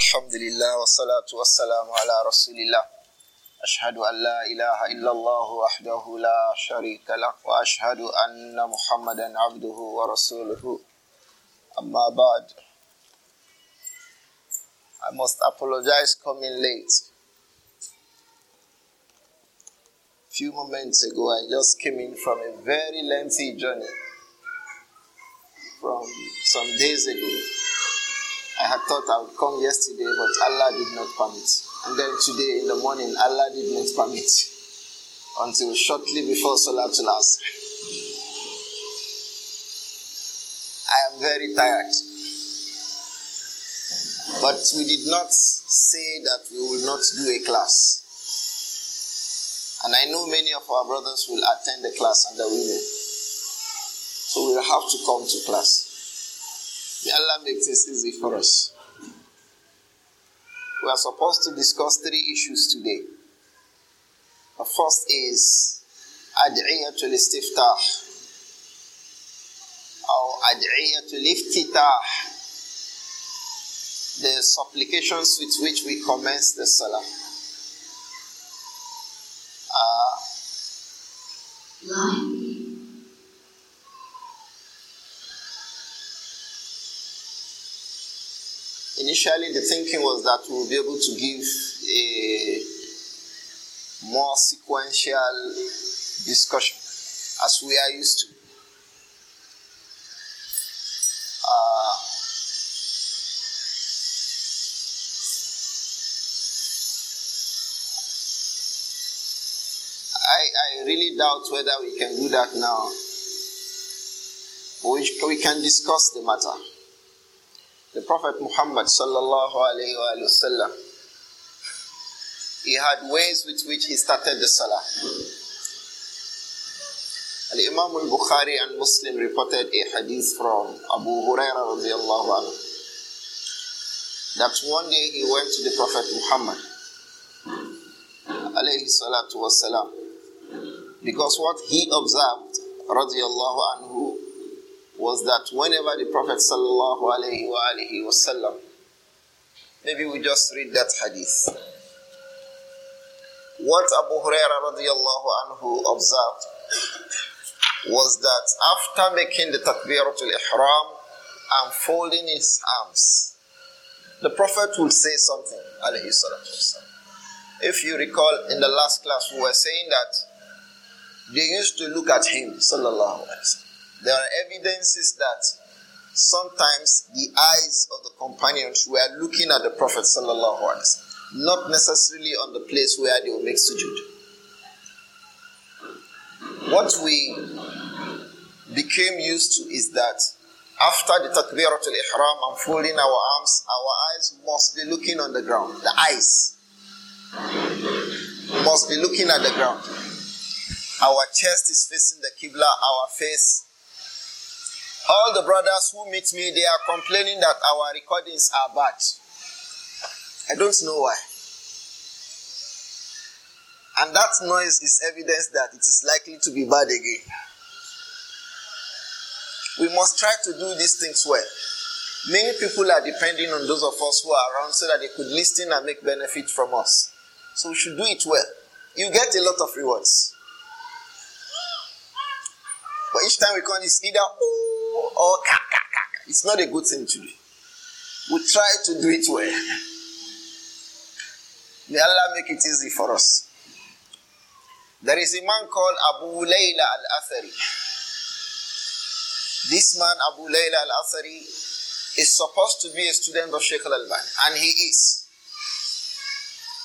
الحمد لله والصلاة والسلام على رسول الله أشهد أن لا إله إلا الله وحده لا شريك له وأشهد أن محمدا عبده ورسوله أما بعد I must apologize coming late. Few moments ago, I just came in from a very lengthy journey from some days ago. I had thought I would come yesterday, but Allah did not permit. And then today in the morning, Allah did not permit until shortly before Salatul Asr. I am very tired. But we did not say that we will not do a class. And I know many of our brothers will attend the class and the women. So we'll have to come to class. May Allah makes this easy for us. We are supposed to discuss three issues today. The first is to Istiftah or Ad'iyatul Iftitah, the supplications with which we commence the Salah. initially the thinking was that we'll be able to give a more sequential discussion as we are used to. I, I really doubt whether we can do that now. We, we can discuss the matter the Prophet Muhammad sallallahu wa wasallam, he had ways with which he started the salah. And Imam al Bukhari and Muslim reported a hadith from Abu Huraira radiallahu anhu that one day he went to the Prophet Muhammad alayhi salatu wasalam because what he observed radiallahu anhu was that whenever the Prophet sallallahu alaihi wasallam, maybe we just read that hadith. What Abu Huraira radiallahu anhu observed was that after making the takbiratul ihram and folding his arms, the Prophet would say something, alayhi salatu If you recall, in the last class, we were saying that they used to look at him, sallallahu alaihi wasallam there are evidences that sometimes the eyes of the companions were looking at the Prophet sallallahu alaihi wasallam, not necessarily on the place where they will make sujood. What we became used to is that after the takbiratul ihram and folding our arms, our eyes must be looking on the ground. The eyes must be looking at the ground. Our chest is facing the Qibla, our face all the brothers who meet me, they are complaining that our recordings are bad. I don't know why. And that noise is evidence that it is likely to be bad again. We must try to do these things well. Many people are depending on those of us who are around so that they could listen and make benefit from us. So we should do it well. You get a lot of rewards. But each time we come, it's either, or oh, ka, ka, It's not a good thing to do. We try to do it well. May Allah make it easy for us. There is a man called Abu Layla al Athari. This man, Abu Layla al Athari, is supposed to be a student of Sheikh al Alban, and he is.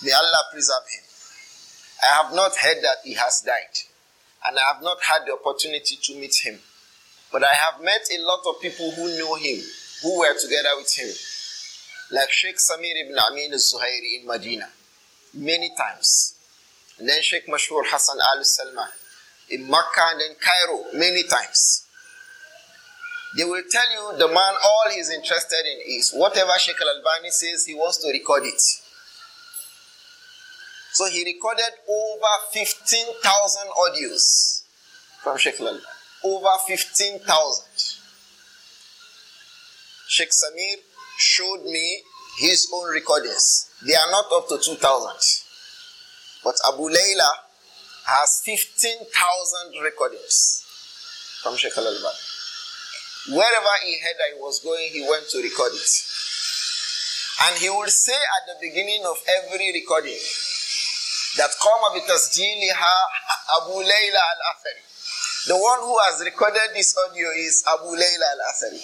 May Allah preserve him. I have not heard that he has died, and I have not had the opportunity to meet him. But I have met a lot of people who know him, who were together with him, like Sheikh Samir ibn Amin al Zuhairi in Medina, many times. And then Sheikh Mashur Hassan al Salman in Makkah and then Cairo, many times. They will tell you the man, all he's interested in is whatever Sheikh Al Albani says, he wants to record it. So he recorded over 15,000 audios from Sheikh Al Albani over 15,000. Sheikh Samir showed me his own recordings. They are not up to 2,000. But Abu Layla has 15,000 recordings from Sheikh Al Albani. Wherever he heard that he was going, he went to record it. And he would say at the beginning of every recording that Qama bi Abu Layla al-Athari. The one who has recorded this audio is Abu Layla al Athari.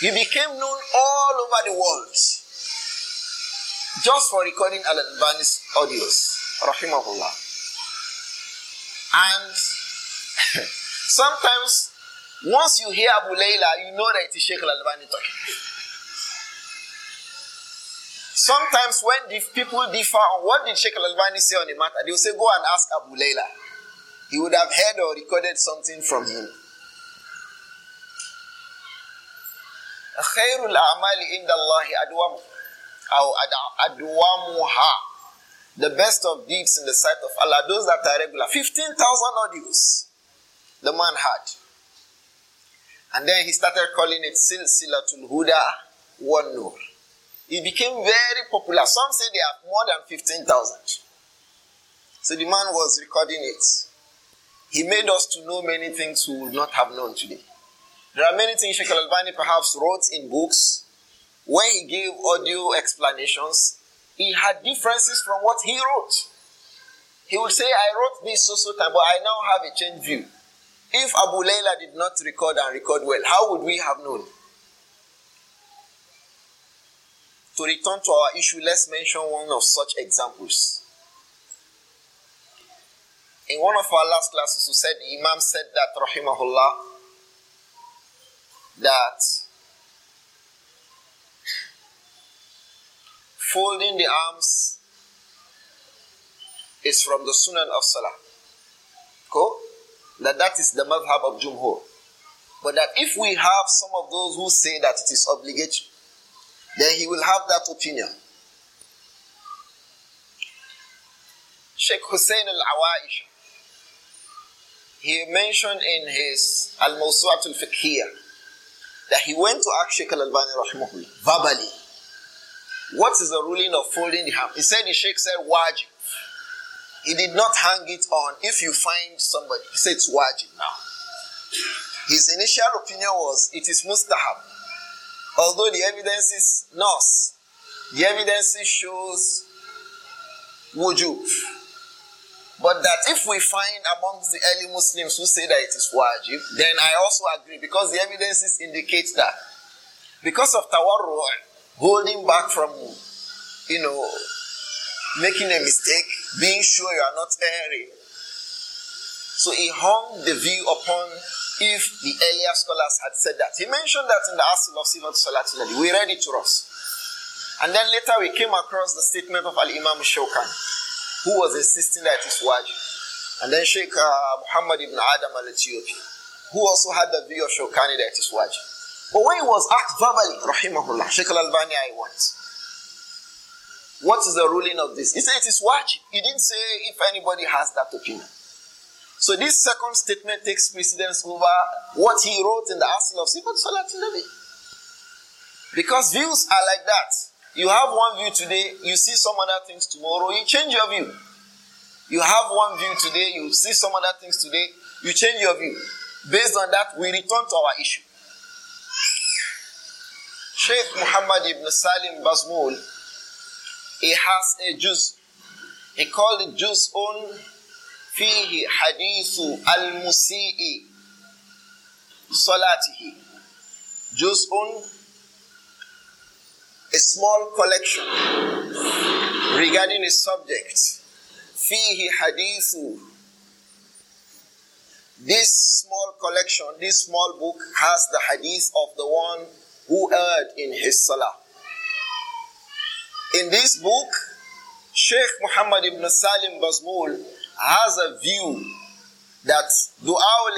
He became known all over the world just for recording Al Albani's audios. Rahimahullah. And sometimes, once you hear Abu Layla, you know that it is Sheikh Al Albani talking. Sometimes, when the people differ on what did Sheikh Al Albani say on the matter, they'll say, Go and ask Abu Layla he would have heard or recorded something from him. خير الأعمال عند الله The best of deeds in the sight of Allah, those that are regular. 15,000 audios the man had. And then he started calling it Silsilatul Huda One Nur. It became very popular. Some say they have more than 15,000. So the man was recording it. He made us to know many things we would not have known today. There are many things Sheikh Al Albani perhaps wrote in books. where he gave audio explanations, he had differences from what he wrote. He would say, I wrote this so so time, but I now have a changed view. If Abu Layla did not record and record well, how would we have known? To return to our issue, let's mention one of such examples in one of our last classes, we said the Imam said that, rahimahullah, that folding the arms is from the Sunan of Salah. Cool? That that is the madhab of Jumhur. But that if we have some of those who say that it is obligatory, then he will have that opinion. Sheikh Hussein al-Awaish he mentioned in his Al mawsuatul al Fiqhiyah that he went to ask sheik al Albani rahimahullah verbally. What is the ruling of folding the hand? He said the Sheikh said wajib. He did not hang it on if you find somebody. He said it's wajib now. His initial opinion was it is mustahab. Although the evidence is nas, the evidence shows wujub. But that if we find amongst the early Muslims who say that it is wajib, then I also agree because the evidences indicate that because of tawarru, holding back from, you know, making a mistake, being sure you are not erring. So he hung the view upon if the earlier scholars had said that. He mentioned that in the Asil of Sivat Salatul We read it to us. And then later we came across the statement of Al Imam Shokan who was insisting that it's wajib. And then Sheikh uh, Muhammad ibn Adam al Ethiopian, who also had the view of Shokani that it's wajib. But when it was asked verbally, Rahimahullah, Sheikh al Albani, I want. What is the ruling of this? He said it is wajib. He didn't say if anybody has that opinion. So this second statement takes precedence over what he wrote in the Asl of Sifat Salat Nabi. Because views are like that. You have one view today, you see some other things tomorrow, you change your view. You have one view today, you see some other things today, you change your view. Based on that, we return to our issue. Sheikh Muhammad ibn Salim Basmul, he has a juz. He called it juz on fihi hadithu al-musi'i salatihi. Juz on a small collection regarding a subject. Fihi hadithu. This small collection, this small book has the hadith of the one who erred in his salah. In this book, Sheikh Muhammad ibn Salim Bazmul has a view that dua al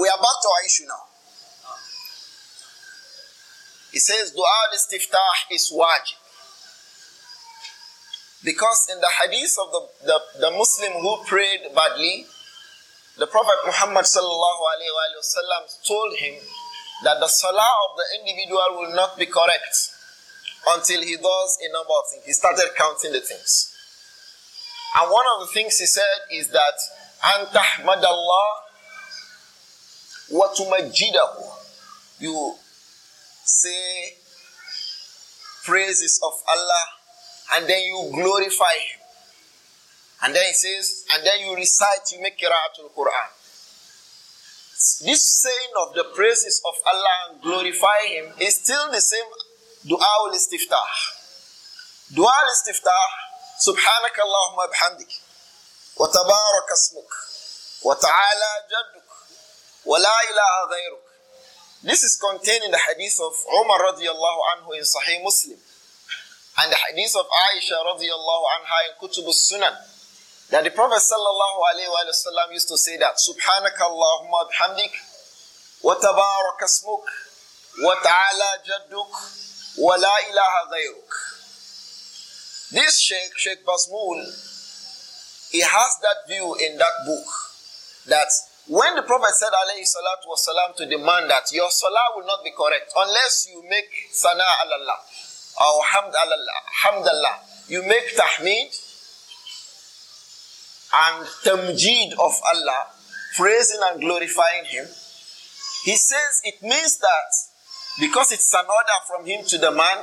we are back to our issue now. He says dua al-istiftah is wajib. Because in the hadith of the, the, the Muslim who prayed badly, the Prophet Muhammad وسلم, told him that the salah of the individual will not be correct until he does a number of things. He started counting the things. And one of the things he said is that Antahmadallah wa tumajidahu. You say praises of Allah and then you glorify Him. And then He says, and then you recite, you make the Quran. This saying of the praises of Allah and glorify Him is still the same dua ul istiftah. Dua ul istiftah, wa اللهم wa وتبارك اسمك وتعالى wa la إله غيرك this is contained in the hadith of Umar radiallahu anhu in Sahih Muslim and the hadith of Aisha radiallahu anha in Kutub sunan that the Prophet sallallahu alayhi wa used to say that Subhanaka Allahumma bihamdik wa tabarak asmuk wa ta'ala jadduk wa la ilaha ghayruk. This Sheikh, Sheikh Basmul, he has that view in that book that when the Prophet said, alayhi salatu salam," to demand that your salah will not be correct unless you make sana alallah or hamd alallah, hamdallah, you make tahmid and tamjid of Allah, praising and glorifying Him. He says it means that because it's an order from Him to the man,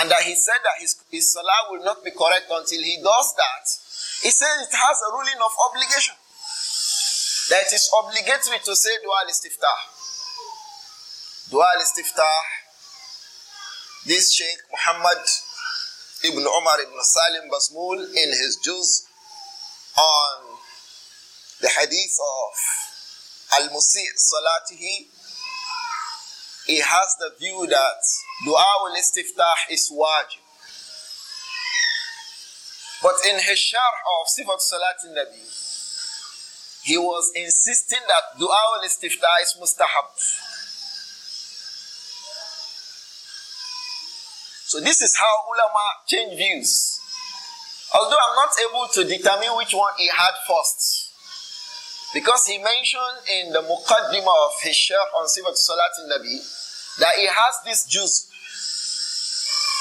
and that He said that his, his salah will not be correct until He does that, He says it has a ruling of obligation that it is obligatory to say dua istiftah Dua istiftah this Sheikh Muhammad Ibn Umar Ibn Salim Basmul in his juz on the hadith of Al-Musi' Salatihi, he has the view that dua istiftah is wajib. But in his sharh of Sifat Salat nabi he was insisting that dua al istifta is mustahab. So this is how ulama change views. Although I'm not able to determine which one he had first. Because he mentioned in the muqaddima of his Sheikh on Sivat Salat in Nabi that he has this juice.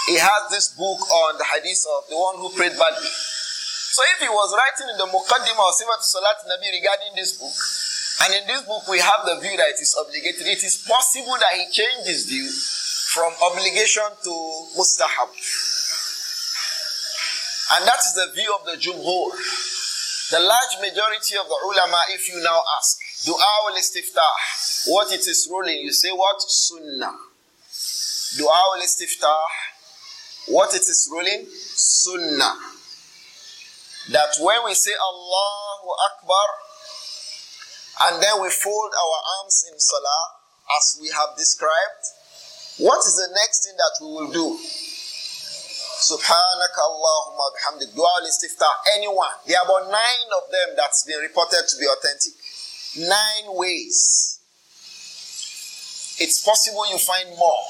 He has this book on the hadith of the one who prayed badly. So if he was writing in the Muqaddimah or Sifat Salat Nabi regarding this book, and in this book we have the view that it is obligatory, it is possible that he changed his view from obligation to mustahab. And that is the view of the Jumhur. The large majority of the ulama, if you now ask, dua al istiftah, what it is ruling, you say what? Sunnah. Dua al istiftah, what it is ruling? Sunnah that when we say Allahu Akbar and then we fold our arms in salah as we have described, what is the next thing that we will do? Subhanaka Allahumma bihamdik. Dua al-istiftah. Anyone. There are about nine of them that's been reported to be authentic. Nine ways. It's possible you find more.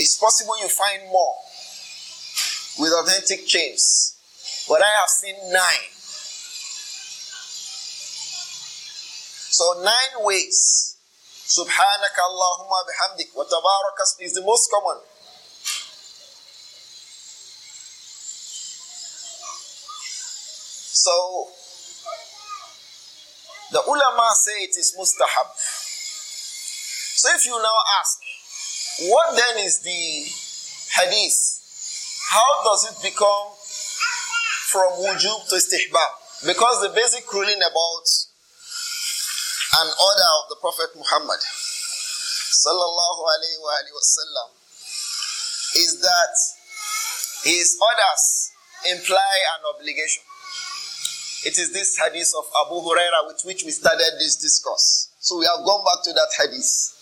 It's possible you find more with authentic chains, but I have seen nine. So, nine ways. Subhanak Allahumma bihamdik. Wa tabarakas is the most common. So, the ulama say it is mustahab. So, if you now ask, what then is the hadith how does it become from wujub to istihbab? Because the basic ruling about an order of the Prophet Muhammad sallallahu alaihi wasallam is that his orders imply an obligation. It is this hadith of Abu Huraira with which we started this discourse. So we have gone back to that hadith.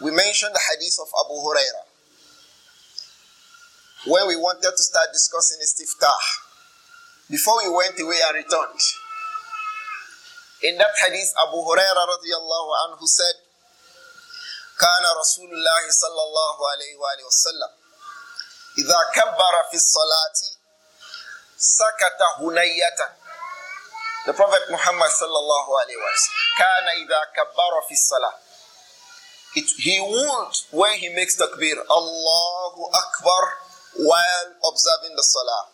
We mentioned the hadith of Abu Huraira. when we wanted to start discussing istiftah. Before we went away and returned. In that hadith, Abu Huraira radiallahu anhu said, كان رسول الله صلى الله عليه وآله وسلم إذا كبر في الصلاة سكت هنية The Prophet Muhammad sallallahu alaihi wasallam كان إذا كبر في الصلاة it, He won't when he makes takbir Allahu Akbar while observing the salah.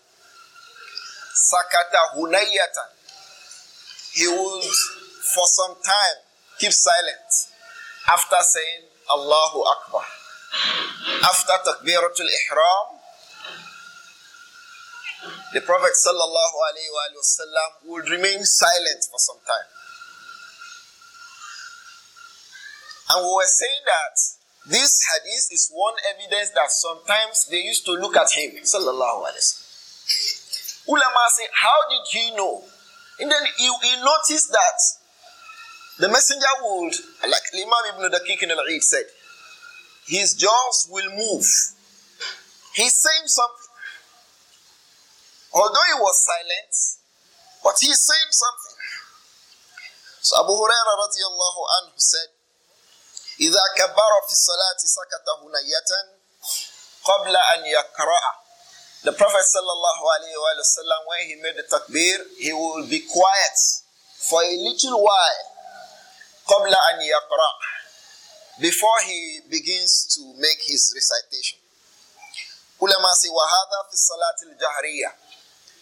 Sakata hunayatan. He would, for some time, keep silent after saying Allahu Akbar. After takbiratul ihram, the Prophet sallallahu alaihi wasallam would remain silent for some time. And we were saying that this hadith is one evidence that sometimes they used to look at him. Sallallahu Ulama say, How did he know? And then he, he noticed that the messenger would, like Imam ibn Daqiq in al-Eid said, his jaws will move. He's saying something. Although he was silent, but he's saying something. So Abu Hurairah radiallahu anhu said, إذا كبر في الصلاة سكت هنية قبل أن يقرأ The Prophet sallallahu alaihi wasallam, when he made the takbir, he will be quiet for a little while, قبل أن يقرأ, before he begins to make his recitation.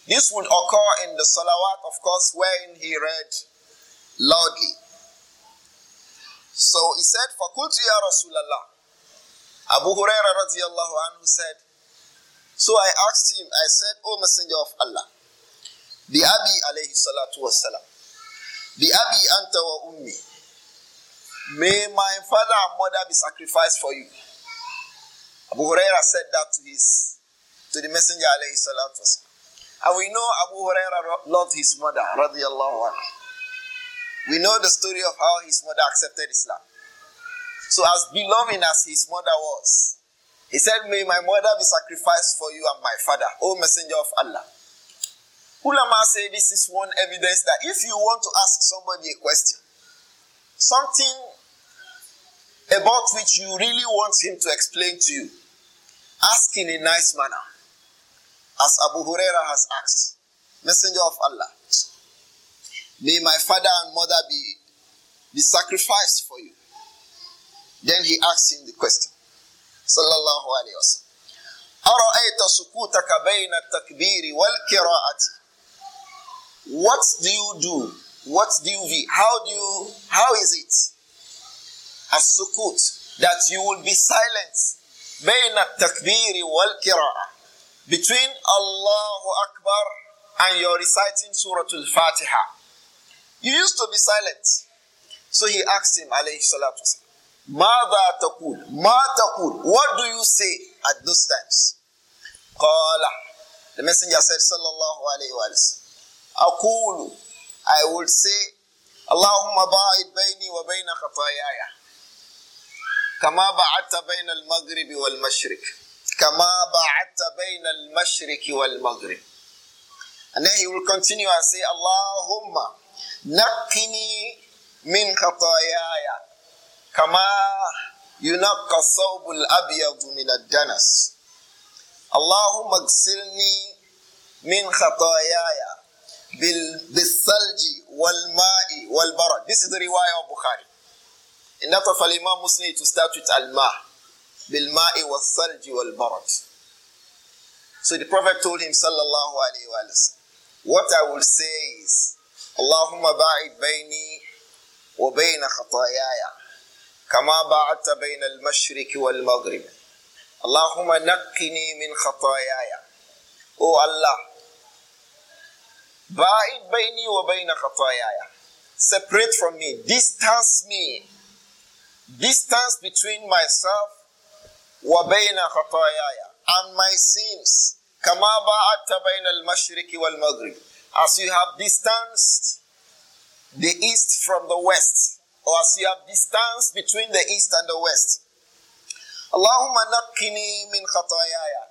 This would occur in the salawat, of course, when he read loudly. So he said, Fakultu ya Rasulallah. Abu Huraira radiallahu anhu said, So I asked him, I said, O Messenger of Allah, the Abi alayhi salatu wasalam, the Abi anta wa ummi, may my father and mother be sacrificed for you. Abu Huraira said that to his to the Messenger alayhi salatu wasalam. And we know Abu Huraira loved his mother radiallahu anhu. We know the story of how his mother accepted Islam. So, as beloved as his mother was, he said, May my mother be sacrificed for you and my father, O messenger of Allah. Ulama say this is one evidence that if you want to ask somebody a question, something about which you really want him to explain to you, ask in a nice manner, as Abu Huraira has asked, Messenger of Allah. May my father and mother be, be sacrificed for you. Then he asks him the question. Sallallahu alayhi wa sallam. أرأيت سكوتك بين التكبير والقراءة What do you do? What do you be? How do you, how is it? As sukut, that you will be silent بين التكبير والقراءة between Allahu Akbar and your reciting Surah Al-Fatiha. You used to be silent. So he asked him, alayhi salatu Mada taqul, ma what do you say at those times? Qala, the messenger said, sallallahu alayhi wa sallam, aqulu, I would say, Allahumma ba'id baini wa bayna khatayaya. كما wal بين kama ba'atta كما al بين wal-Maghrib.'" and then he will continue and say Allahumma نقني من خطاياي كما ينقى الثوب الأبيض من الدنس اللهم اغسلني من خطاياي بالثلج والماء والبرد This is the رواية of Bukhari In that of Imam Muslim to start with al-ma بالماء والثلج والبرد So the Prophet told him sallallahu alayhi wa sallam What I will say is اللهم باعد بيني وبين خطاياي كما باعدت بين المشرق والمغرب اللهم نقني من خطاياي او الله باعد بيني وبين خطاياي separate from me distance me distance between myself وبين خطاياي and my sins كما باعدت بين المشرق والمغرب As you have distanced the east from the west, or as you have distanced between the east and the west. Allahumma naqqini min khatayaya.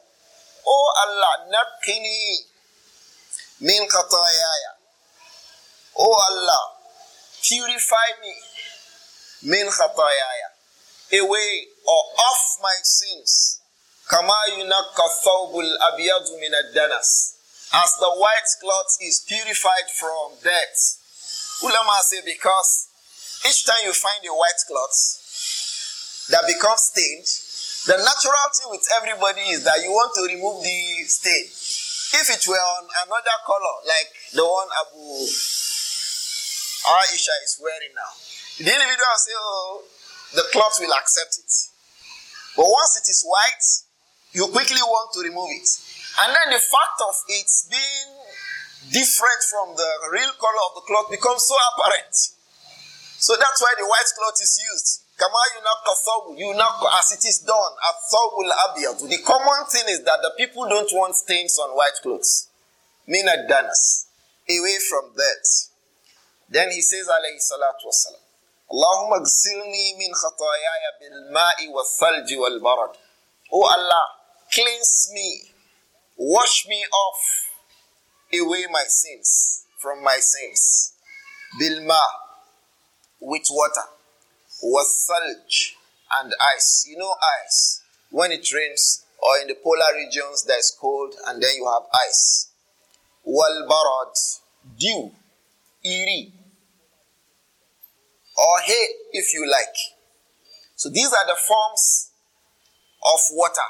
Oh Allah, naqqini min khatayaya. Oh Allah, purify me min khatayaya. Away or off my sins. Kama yunakka thawbul abiyadu min ad-danas as the white cloth is purified from dirt. Ulama say because each time you find a white cloth that becomes stained, the natural thing with everybody is that you want to remove the stain. If it were on another color, like the one Abu Aisha is wearing now, the individual say, Oh, the cloth will accept it. But once it is white, you quickly want to remove it. And then the fact of it being different from the real color of the cloth becomes so apparent. So that's why the white cloth is used. Kama you yunak as it is done at thawbul abiyad. The common thing is that the people don't want stains on white clothes. Minad danas. Away from that. Then he says alayhi salatu wasalam. اللهم اغسلني من خطاياي بالماء والثلج barad." Oh Allah, cleanse me Wash me off away my sins from my sins. Bilma, with water, was salj and ice. You know ice. When it rains or in the polar regions, there's cold and then you have ice. walbarad dew, iri, or hay, if you like. So these are the forms of water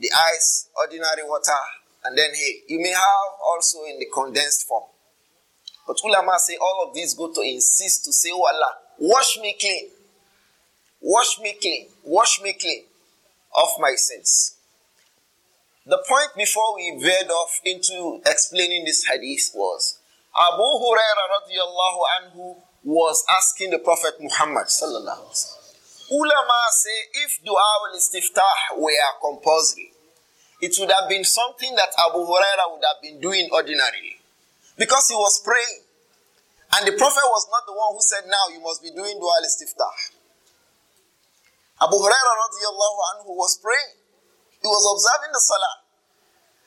the ice, ordinary water, and then hay. You may have also in the condensed form. But ulama say all of these go to insist to say, Oh Allah, wash me clean. Wash me clean. Wash me clean of my sins. The point before we veered off into explaining this hadith was Abu Huraira radiallahu anhu was asking the Prophet Muhammad sallallahu alaihi wasallam Ulama say if dua al istiftah were compulsory, it would have been something that Abu Huraira would have been doing ordinarily because he was praying. And the Prophet was not the one who said, Now you must be doing dua al istiftah. Abu Huraira anhu was praying, he was observing the salah.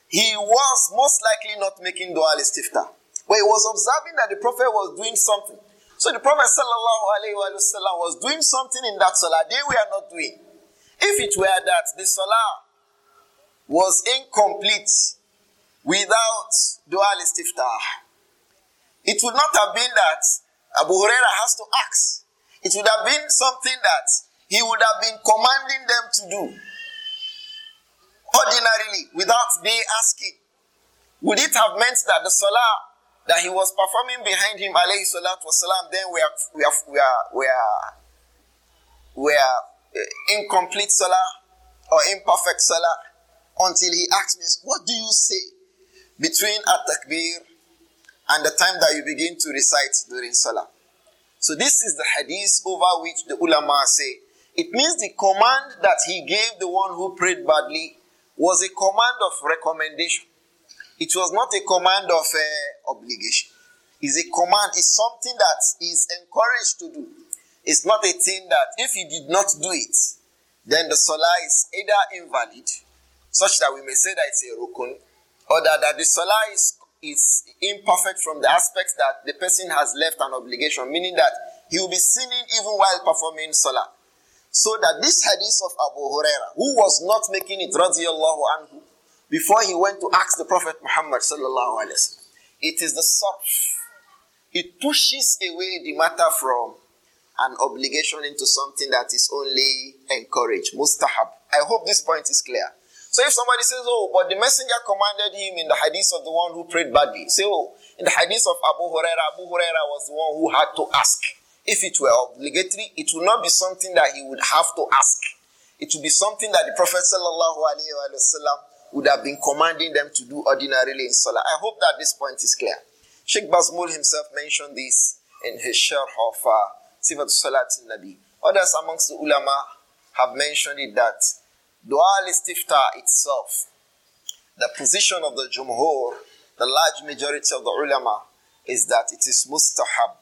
He was most likely not making dua al istiftah, but he was observing that the Prophet was doing something. So the Prophet wasallam was doing something in that salah they were not doing. If it were that the salah was incomplete without dual istiftah, it would not have been that Abu Huraira has to ask. It would have been something that he would have been commanding them to do ordinarily without they asking. Would it have meant that the salah that he was performing behind him, alayhi salatu wasalam, then we are, we are, we are, we are, we are uh, incomplete salah or imperfect salah until he asked me, What do you say between at takbir and the time that you begin to recite during salah? So, this is the hadith over which the ulama say it means the command that he gave the one who prayed badly was a command of recommendation. It was not a command of uh, obligation. It's a command. It's something that is encouraged to do. It's not a thing that if you did not do it, then the salah is either invalid, such that we may say that it's a rukun, or that, that the salah is, is imperfect from the aspect that the person has left an obligation, meaning that he will be sinning even while performing salah. So that this hadith of Abu Huraira, who was not making it, radiallahu anhu, before he went to ask the Prophet Muhammad sallallahu alaihi wasallam. It is the sarf. It pushes away the matter from an obligation into something that is only encouraged, mustahab. I hope this point is clear. So if somebody says, oh, but the messenger commanded him in the hadith of the one who prayed badly, say, oh, in the hadith of Abu Huraira, Abu Huraira was the one who had to ask. If it were obligatory, it would not be something that he would have to ask. It would be something that the Prophet sallallahu alaihi wasallam would have been commanding them to do ordinarily in Salah. I hope that this point is clear. Sheikh Basmul himself mentioned this in his share of uh, Sifat Salat Nabi. Others amongst the ulama have mentioned it that Dua al-Istifta itself, the position of the Jumhur, the large majority of the ulama, is that it is mustahab.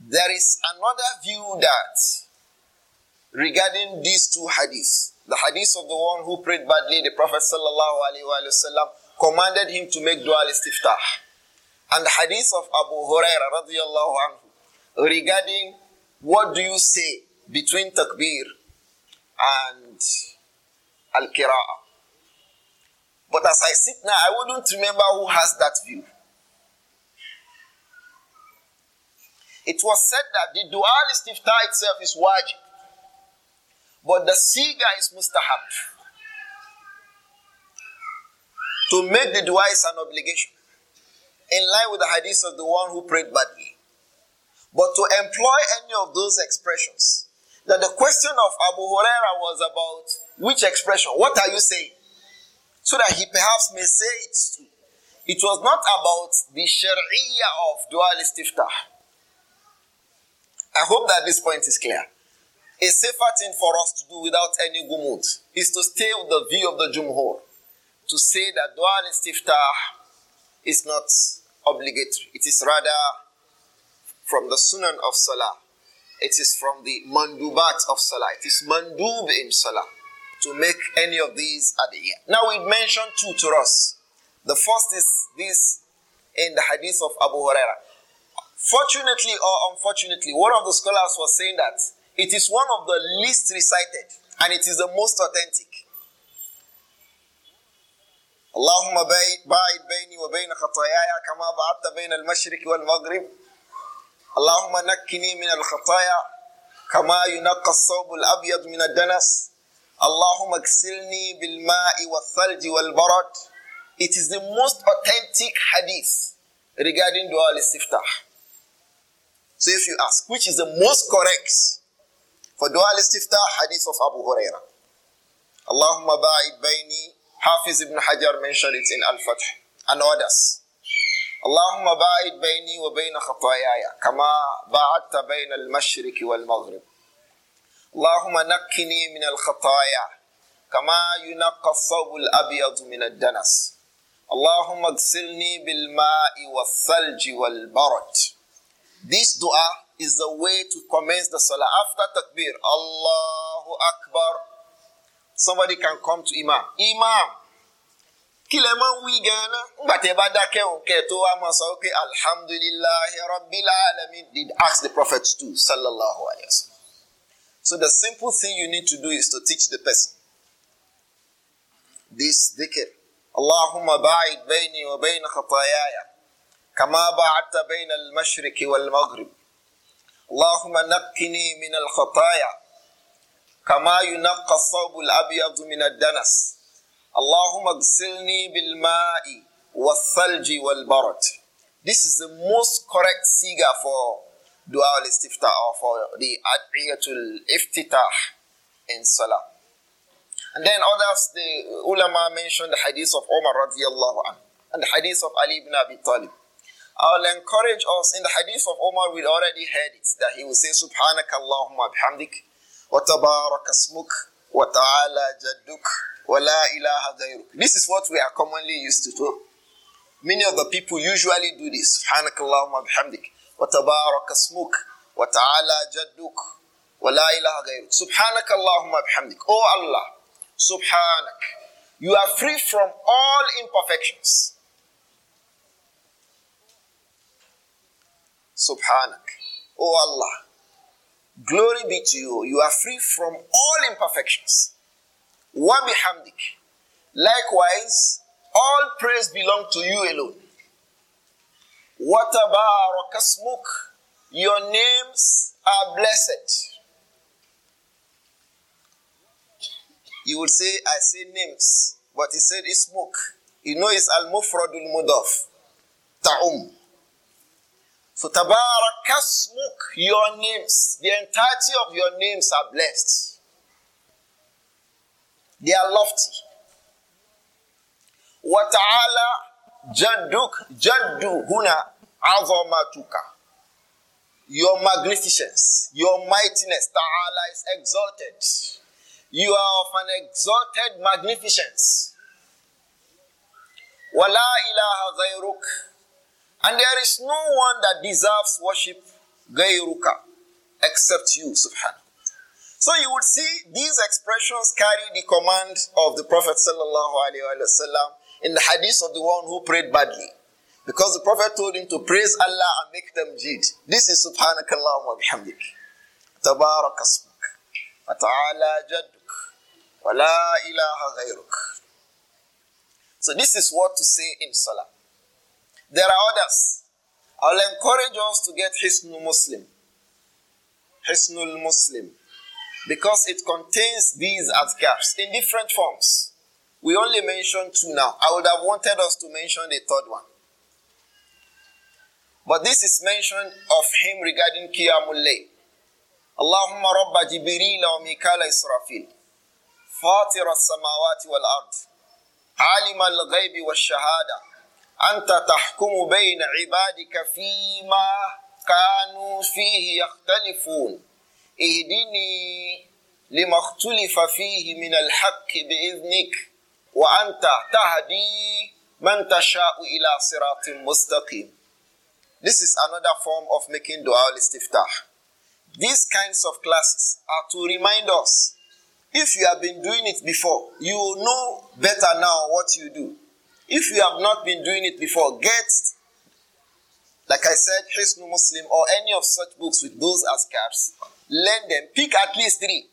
There is another view that regarding these two hadiths the hadith of the one who prayed badly, the Prophet وسلم, commanded him to make dua al-istiftah. And the hadith of Abu Hurairah radiallahu anhu regarding what do you say between takbir and al-qira'ah. But as I sit now, I wouldn't remember who has that view. It was said that the dual istiftah itself is wajib. But the siga is mustahab. To make the dua is an obligation, in line with the hadith of the one who prayed badly. But to employ any of those expressions, that the question of Abu Huraira was about which expression, what are you saying? So that he perhaps may say it too. It was not about the sharia of dual istiftah. I hope that this point is clear. A safer thing for us to do without any gumut is to stay with the view of the Jumhur, to say that dual istiftah is not obligatory. It is rather from the sunan of salah. It is from the mandubat of salah. It is mandub in salah to make any of these adiyah. Now we mentioned two to us. The first is this in the hadith of Abu Huraira. Fortunately or unfortunately, one of the scholars was saying that it is one of the least recited and it is the most authentic. اللهم باعد بيني وبين خطاياي كما بعدت بين المشرق والمغرب اللهم نكني من الخطايا كما ينقى الصوب الابيض من الدنس اللهم اغسلني بالماء والثلج والبرد It is the most authentic hadith regarding dua al-istiftah. So if you ask, which is the most correct? فدعاء الاستفتاح حديث of Abu Huraira اللهم باعد بيني حافظ ابن حجر mentioned in Al-Fath and others اللهم باعد بيني وبين خطاياي كما باعدت بين المشرق والمغرب اللهم نقني من الخطايا كما ينقى الثوب الابيض من الدنس اللهم اغسلني بالماء والثلج والبرد This dua is the way to commence the salah. After takbir, Allahu Akbar, somebody can come to imam. Imam, kileman le lè máa ń wí gan-an ná nígbà tẹ́ kẹ́ alhamdulillahi rabbil alamin did ask the prophet too, sallallahu alayhi wa sallam. So the simple thing you need to do is to teach the person this dhikr. Allahumma ba'id bayni wa bayna khatayaya kama ba'adta bayna al mashriki wal-maghrib. اللهم نقني من الخطايا كما ينقى الصوب الأبيض من الدنس اللهم اغسلني بالماء والثلج والبرد This is the most correct siga for dua al-istiftah or for the adriyatul iftitah in salah. And then others, the ulama mentioned the hadith of Omar radiallahu anhu and the hadith of Ali ibn Abi Talib. I will encourage us in the hadith of Omar, we already heard it, that he will say, Subhanak Allahumma bihamdik, wa tabarak asmuk, wa ta'ala jadduk, wa la ilaha ghayruk. This is what we are commonly used to do. Many of the people usually do this. Subhanak Allahumma bihamdik, wa tabarak asmuk, wa ta'ala jadduk, wa la ilaha ghayruk. Subhanak Allahumma bihamdik. Oh Allah, Subhanak, you are free from all imperfections. Subhanak. Oh Allah, glory be to you. You are free from all imperfections. Wa bihamdik. Likewise, all praise belongs to you alone. Watabarakasmuk. Your names are blessed. You would say, I say names, but he said it's smoke. You know it's al-mufradul mudaf. Ta'um. For Tabarakasmuk, your names, the entirety of your names are blessed. They are lofty. Wata'ala jaduk jadu huna azamatuka. Your magnificence, your mightiness, ta'ala is exalted. You are of an exalted magnificence. Wala ilaha ghayruk. And there is no one that deserves worship Gayruka except you, subhanahu. So you would see these expressions carry the command of the Prophet sallallahu alaihi wasallam in the hadith of the one who prayed badly. Because the Prophet told him to praise Allah and make them jid. This is subhanakallah wa bihamdik. Tabarak asmuk. Wa ta'ala jadduk. Wa la ilaha ghayruk. So this is what to say in salah. There are others. I'll encourage us to get Hisnul Muslim. Hisnul Muslim. Because it contains these adhkars in different forms. We only mentioned two now. I would have wanted us to mention the third one. But this is mentioned of him regarding Qiyamul Layl. اللهم Fatir جبريل samawati wal-Ard, Alim al عالم الغيب shahada أنت تحكم بين عبادك فيما كانوا فيه يختلفون اهدني لما اختلف فيه من الحق بإذنك وأنت تهدي من تشاء إلى صراط مستقيم This is another form of making dua al-istiftah. These kinds of classes are to remind us. If you have been doing it before, you will know better now what you do. If you have not been doing it before, get, like I said, Hisnu Muslim or any of such books with those as ascars. Learn them. Pick at least three.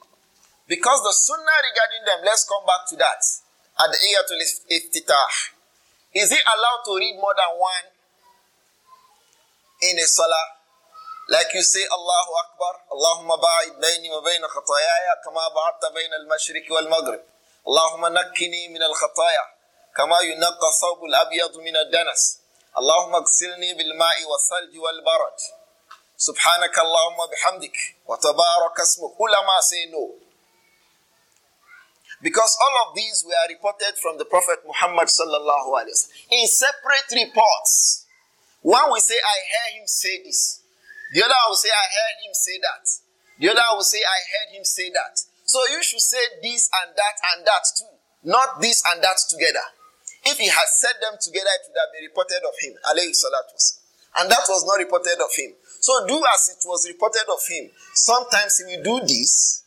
Because the sunnah regarding them, let's come back to that. At the Ayatul Iftitah. Is it allowed to read more than one in a salah? Like you say, Allahu Akbar, Allahumma ba'id bayni wa bayna khatayaya kama ba'adta bayna al-mashriq wal-maghrib. Allahumma nakkini min al-khataya كما ينقى الثوب الأبيض من الدنس اللهم اغسلني بالماء والثلج والبرد سبحانك اللهم بحمدك وتبارك اسمك ulama say no because all of these were reported from the prophet muhammad sallallahu alaihi wasallam in separate reports one will say i heard him say this the other will say i heard him say that the other will say i heard him say that so you should say this and that and that too not this and that together if he had set them together, it would have been reported of him. And that was not reported of him. So do as it was reported of him. Sometimes he will do this.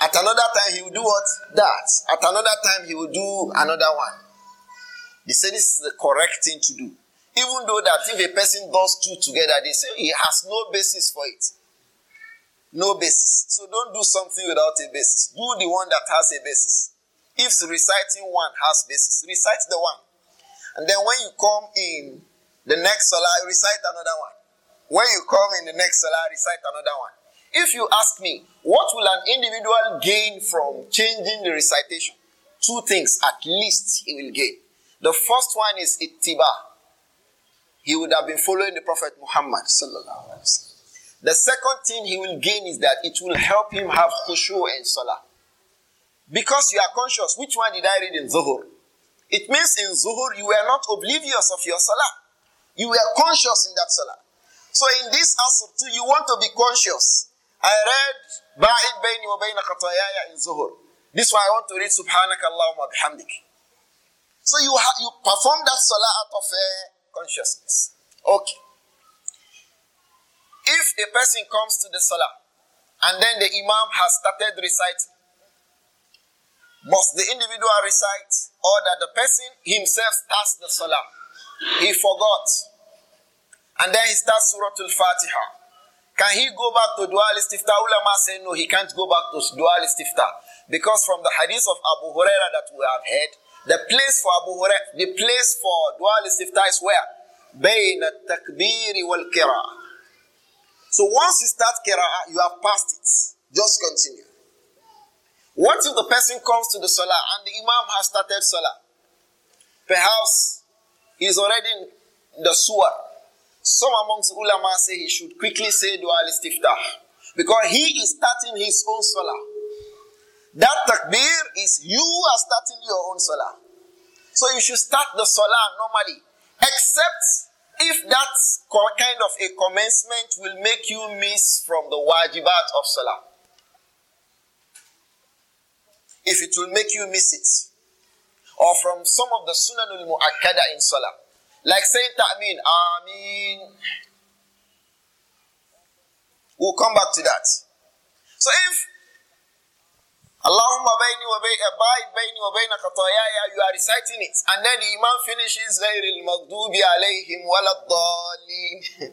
At another time, he will do what? That. At another time, he will do another one. They say this is the correct thing to do. Even though that if a person does two together, they say he has no basis for it. No basis. So don't do something without a basis. Do the one that has a basis. If reciting one has basis, recite the one. And then when you come in the next salah, recite another one. When you come in the next salah, recite another one. If you ask me, what will an individual gain from changing the recitation? Two things at least he will gain. The first one is ittiba. He would have been following the Prophet Muhammad. The second thing he will gain is that it will help him have khushu and salah. Because you are conscious. Which one did I read in Zuhur? It means in Zuhur you were not oblivious of your salah. You were conscious in that salah. So in this Asr too, you want to be conscious. I read Ba'id Bayni wa Bayna Qatayaya in Zuhur. This one I want to read Allahumma bihamdik. So you, ha- you perform that salah out of uh, consciousness. Okay. If a person comes to the salah and then the imam has started reciting, must the individual recite or that the person himself starts the salah? He forgot. And then he starts Surah Al-Fatiha. Can he go back to du'ali stifta? istifta Ulama say no, he can't go back to Dua istifta Because from the hadith of Abu Huraira that we have heard, the place for Abu Huraira, the place for du'ali stifta istifta is where? Bain al-Takbiri wal kira. So once you start kira, you have passed it. Just continue. What if the person comes to the salah and the imam has started salah? Perhaps he's already in the suwar. Some amongst ulama say he should quickly say dua al-istiftah because he is starting his own salah. That takbir is you are starting your own salah. So you should start the salah normally, except if that kind of a commencement will make you miss from the wajibat of salah if it will make you miss it. Or from some of the Sunanul Mu'akkada in Salah. Like saying Ta'min, Ameen. We'll come back to that. So if Allahumma bayni wa bayni abide bayni wa bayna khatayaya, you are reciting it. And then the Imam finishes, غير المغضوب عليهم walad الضالين.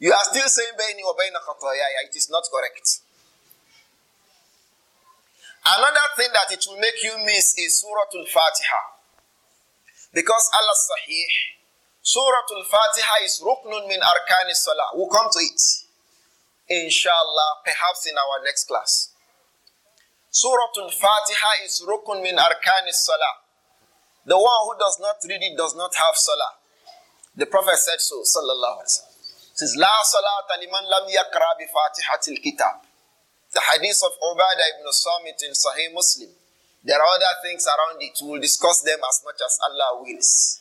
You are still saying bayni wa bayna khatayaya. It is not correct. Another thing that it will make you miss is Surah Al Fatiha. Because Allah Sahih, Surah Al Fatiha is Ruknun min Arkani Salah. We'll come to it. Inshallah, perhaps in our next class. Surah Al Fatiha is Ruknun min Arkani Salah. The one who does not read it does not have Salah. The Prophet said so, Sallallahu Alaihi Wasallam. Says, La Salah Taliman Lam Yakra fatiha til Kitab. The hadith of Ubadah ibn Samit in Sahih Muslim. There are other things around it. We'll discuss them as much as Allah wills.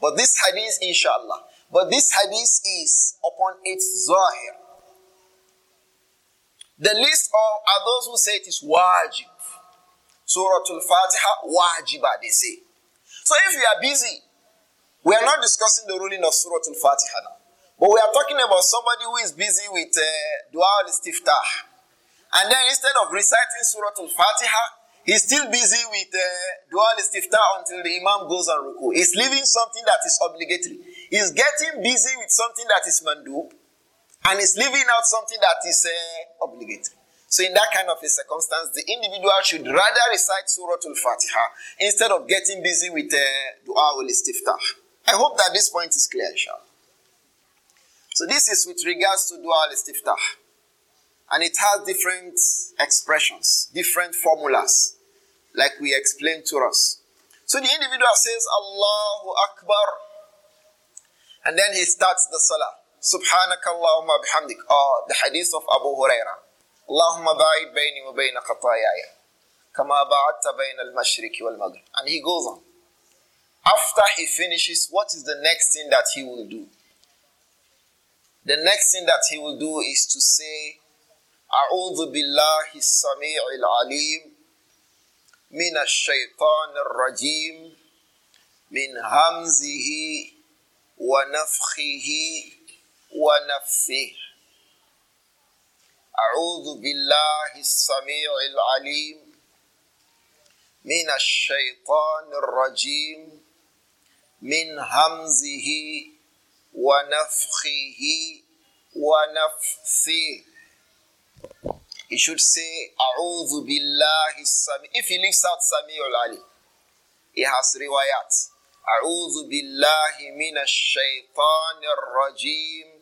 But this hadith, inshallah. But this hadith is upon its zahir. The list of are those who say it is wajib. Surah Al-Fatiha, wajiba, they say. So if you are busy, we are not discussing the ruling of Surah Al-Fatiha now. But we are talking about somebody who is busy with uh, Dua al-Istiftah. And then instead of reciting Surah Al-Fatiha, he's still busy with uh, dual istiftah until the Imam goes on ruku. He's leaving something that is obligatory. He's getting busy with something that is mandub, and he's leaving out something that is uh, obligatory. So in that kind of a circumstance, the individual should rather recite Surah Al-Fatiha instead of getting busy with uh, al istiftah. I hope that this point is clear, inshallah. So this is with regards to al istiftah. And it has different expressions, different formulas, like we explained to us. So the individual says, Allahu Akbar. And then he starts the salah. سبحانك اللهم بحمدك. Oh, the hadith of Abu Huraira. اللهم باعد kama وبين خطاياي. كما al-mashriki wal maghrib And he goes on. After he finishes, what is the next thing that he will do? The next thing that he will do is to say, أعوذ بالله السميع العليم من الشيطان الرجيم من همزه ونفخه ونفثه أعوذ بالله السميع العليم من الشيطان الرجيم من همزه ونفخه ونفثه He should say, A'udhu billahi sami. If he leaves out Samiul Ali, he has riwayat. A'udhu billahi minash shaitanir rajim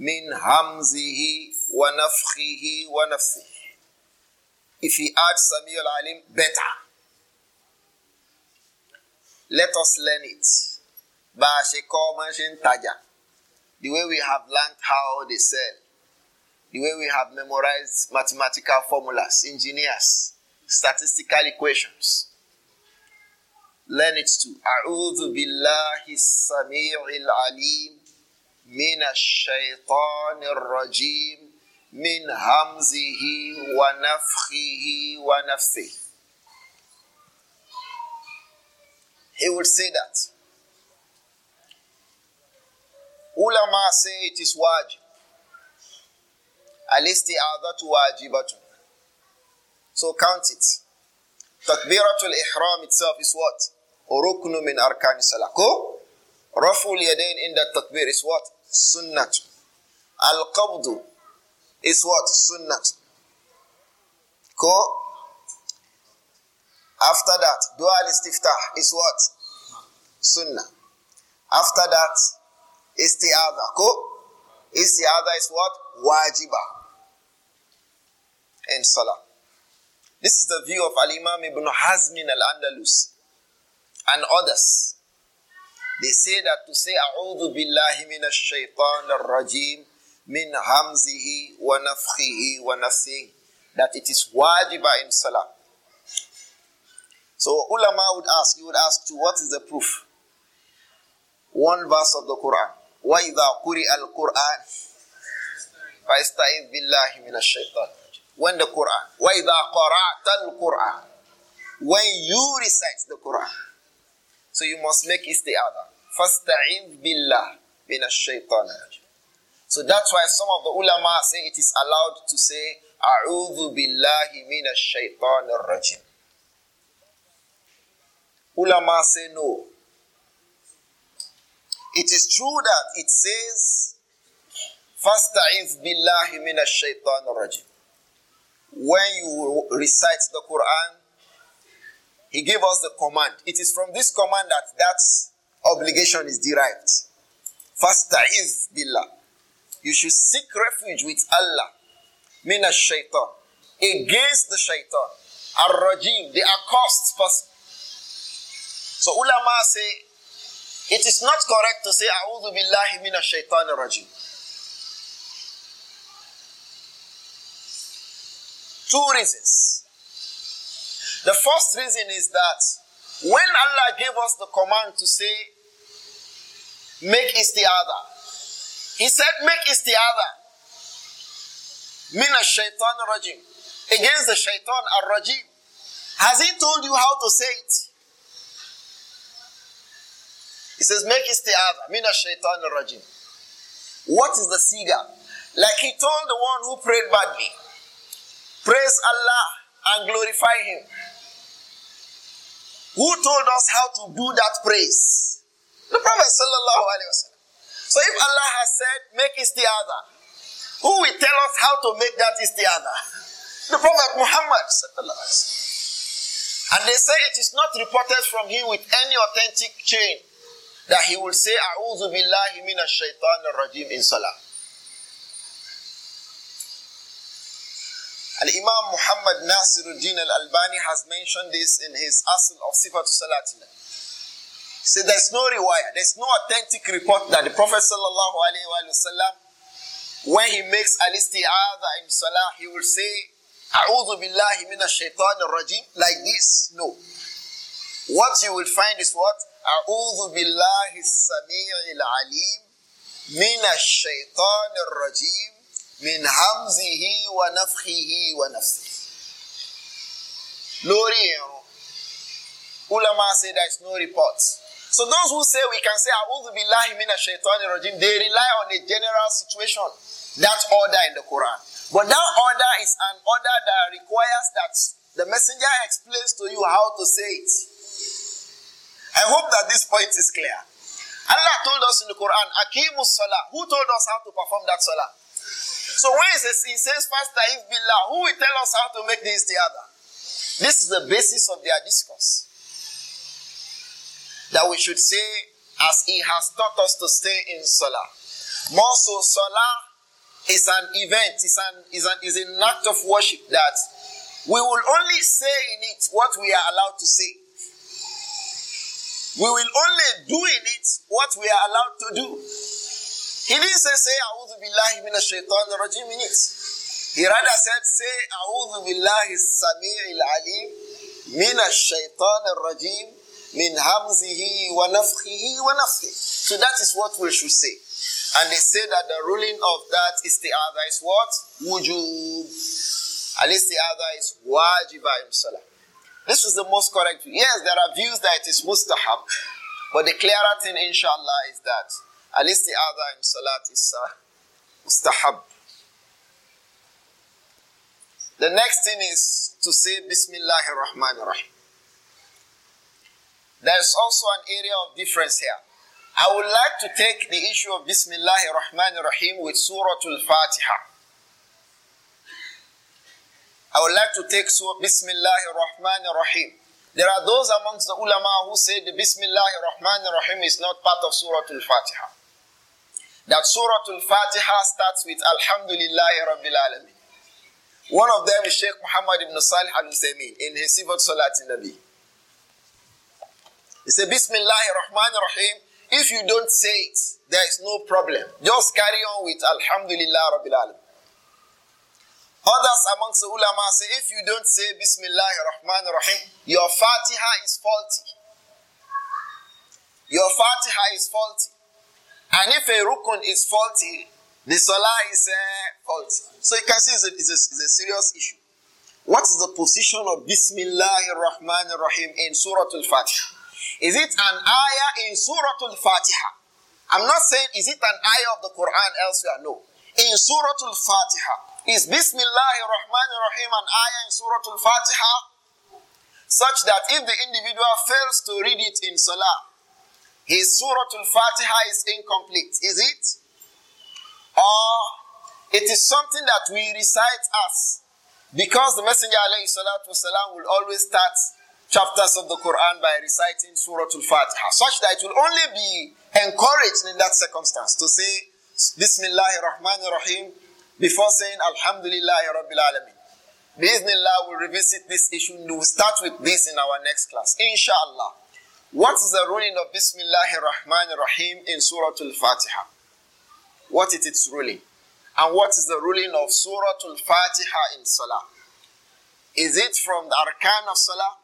min hamzihi wa nafkhihi wa nafsihi. If he adds Samiul ali better. Let us learn it. Bá a ṣe kọ́ tajà. The way we have learned how they sell the way we have memorized mathematical formulas, engineers, statistical equations. Learn it too. أعوذ بالله السميع العليم من الشيطان الرجيم من همزه ونفخه ونفثه. He would say that. Ulama say it is wajib. الاستعاذة واجبة So count it. تكبيرة الإحرام itself is what? ركن من أركان الصلاة. Ko? رفع اليدين عند التكبير is what? سنة. القبض is what? سنة. Ko? After that, دعاء الاستفتاح is what? سنة. After that, استعاذة. Ko? استعاذة is what? واجبة. and salah. This is the view of Al Imam ibn in al Andalus and others. They say that to say, A'udhu billahi minash shaytan al rajim min hamzihi wa nafkhihi wa nafsihi, that it is wajib in salah. So ulama would ask, you would ask to what is the proof? One verse of the Quran. وَإِذَا قُرِئَ الْقُرْآنِ فَاسْتَعِذْ بِاللَّهِ مِنَ الشَّيْطَانِ when the Quran. وَإِذَا قَرَعْتَ الْقُرْآنِ When you recite the Quran. So you must make isti'adah. فَاسْتَعِذْ بِاللَّهِ مِنَ الشَّيْطَانِ So that's why some of the ulama say it is allowed to say أَعُوذُ بِاللَّهِ مِنَ الشَّيْطَانِ الرَّجِيمِ Ulama say no. It is true that it says فَاسْتَعِذْ بِاللَّهِ مِنَ الشَّيْطَانِ الرَّجِيمِ when you recite the Quran, he gave us the command. It is from this command that that obligation is derived. is billah. You should seek refuge with Allah, mina shaitan, against the shaitan, ar-rajim, the accursed person. So ulama say, it is not correct to say, a'udhu billahi mina shaitan ar-rajim. Two reasons. The first reason is that when Allah gave us the command to say, make istiada, He said, make istiada. Mina shaitan rajim. Against the shaitan al rajim. Has He told you how to say it? He says, make istiada. Mina shaitan rajim. What is the siga? Like He told the one who prayed badly. Praise Allah and glorify Him. Who told us how to do that praise? The Prophet sallallahu alaihi wasallam. So if Allah has said, make istiada, who will tell us how to make that istiada? The Prophet Muhammad sallallahu alaihi wasallam. And they say it is not reported from him with any authentic chain that he will say, "A'udhu billahi minash shaitanir rajim" in salah. Al-Imam Muhammad Nasiruddin al-Albani has mentioned this in his Asl of Sifatul Salatina. He said there's no riwayah, there's no authentic report that the Prophet sallallahu alaihi wasallam, when he makes al-isti'adha in salah, he will say, A'udhu billahi minash shaitan rajim like this. No. What you will find is what? A'udhu billahi sami'il alim minash shaitan rajim min hamzihi wa nafhihi wa nafsihi lórí ulama say there is no report so those who say we can say a'udhu billahi minash shaitani rajim they rely on a general situation that order in the quran but that order is an order that requires that the messenger explains to you how to say it i hope that this point is clear allah told us in the quran akimus salah who told us how to perform that salah so when he says, Pastor Ibila, who will tell us how to make this the other? This is the basis of their discourse. That we should say, as he has taught us to stay in Salah. More so, Salah is an event, is an, is an, is an act of worship that we will only say in it what we are allowed to say. We will only do in it what we are allowed to do. He didn't say, say, A'udhu billahi min shaitan rajim in it. He rather said, say, A'udhu billahi sami'il alim min shaitan rajim min hamzihi wa nafkhihi wa nafthi. So that is what we should say. And they say that the ruling of that is the other is what? Wujub. At least the other is wajiba in salah. This is the most correct view. Yes, there are views that it is mustahab. But the clearer thing, inshallah, is that at least the other in Salat is uh, mustahab. The next thing is to say Bismillah ar There is also an area of difference here. I would like to take the issue of Bismillah ar rahim with Surah Al-Fatiha. I would like to take Surah Bismillah ar rahim There are those amongst the ulama who say the Bismillah ar rahim is not part of Surah Al-Fatiha that Surah Al-Fatiha starts with Alhamdulillahi Rabbil Alameen. One of them is Sheikh Muhammad ibn Salih al-Uthaymeen in his Sifat Salat Nabi. He said, Bismillahir Rahmanir Rahim. If you don't say it, there is no problem. Just carry on with Alhamdulillah Rabbil Alameen. Others amongst the ulama say, if you don't say r-Rahman Rahmanir Rahim, your Fatiha is faulty. Your Fatiha is faulty. And if a rukun is faulty, the salah is uh, eh, faulty. So you can see it's a, it's, a, it's a serious issue. What is the position of Bismillahir Rahmanir Rahim in Surah Al-Fatiha? Is it an ayah in Surah Al-Fatiha? I'm not saying is it an ayah of the Quran elsewhere. No. In Surah Al-Fatiha is Bismillahir Rahmanir Rahim an ayah in Surah Al-Fatiha, such that if the individual fails to read it in salah, his Surah Al-Fatiha is incomplete, is it? Or it is something that we recite as because the Messenger والسلام, will always start chapters of the Quran by reciting Surah Al-Fatiha, such that it will only be encouraged in that circumstance to say Bismillah Rahman Rahim before saying Alhamdulillah Rabbil Alameen. Bismillah will revisit this issue. We'll start with this in our next class, inshallah. What is the ruling of r-Rahman Rahmanir Rahim in Surah Al-Fatiha? What is its ruling? And what is the ruling of Surah Al-Fatiha in Salah? Is it from the arkan of Salah?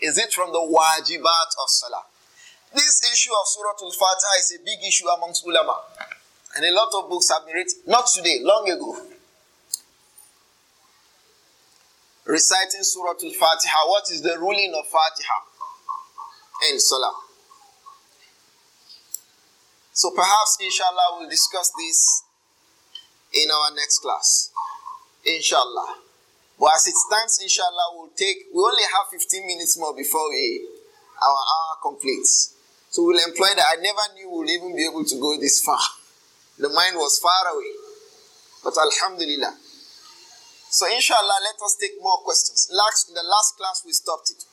Is it from the wajibat of Salah? This issue of Surah Al-Fatiha is a big issue amongst ulama. And a lot of books have been written, not today, long ago. Reciting Surah Al-Fatiha, what is the ruling of Fatiha? and salah. So perhaps, inshallah, we'll discuss this in our next class. Inshallah. But as it stands, inshallah, we'll take, we only have 15 minutes more before we, our hour completes. So we'll employ that. I never knew we'll even be able to go this far. The mind was far away. But alhamdulillah. So inshallah, let us take more questions. Last, in the last class, we stopped it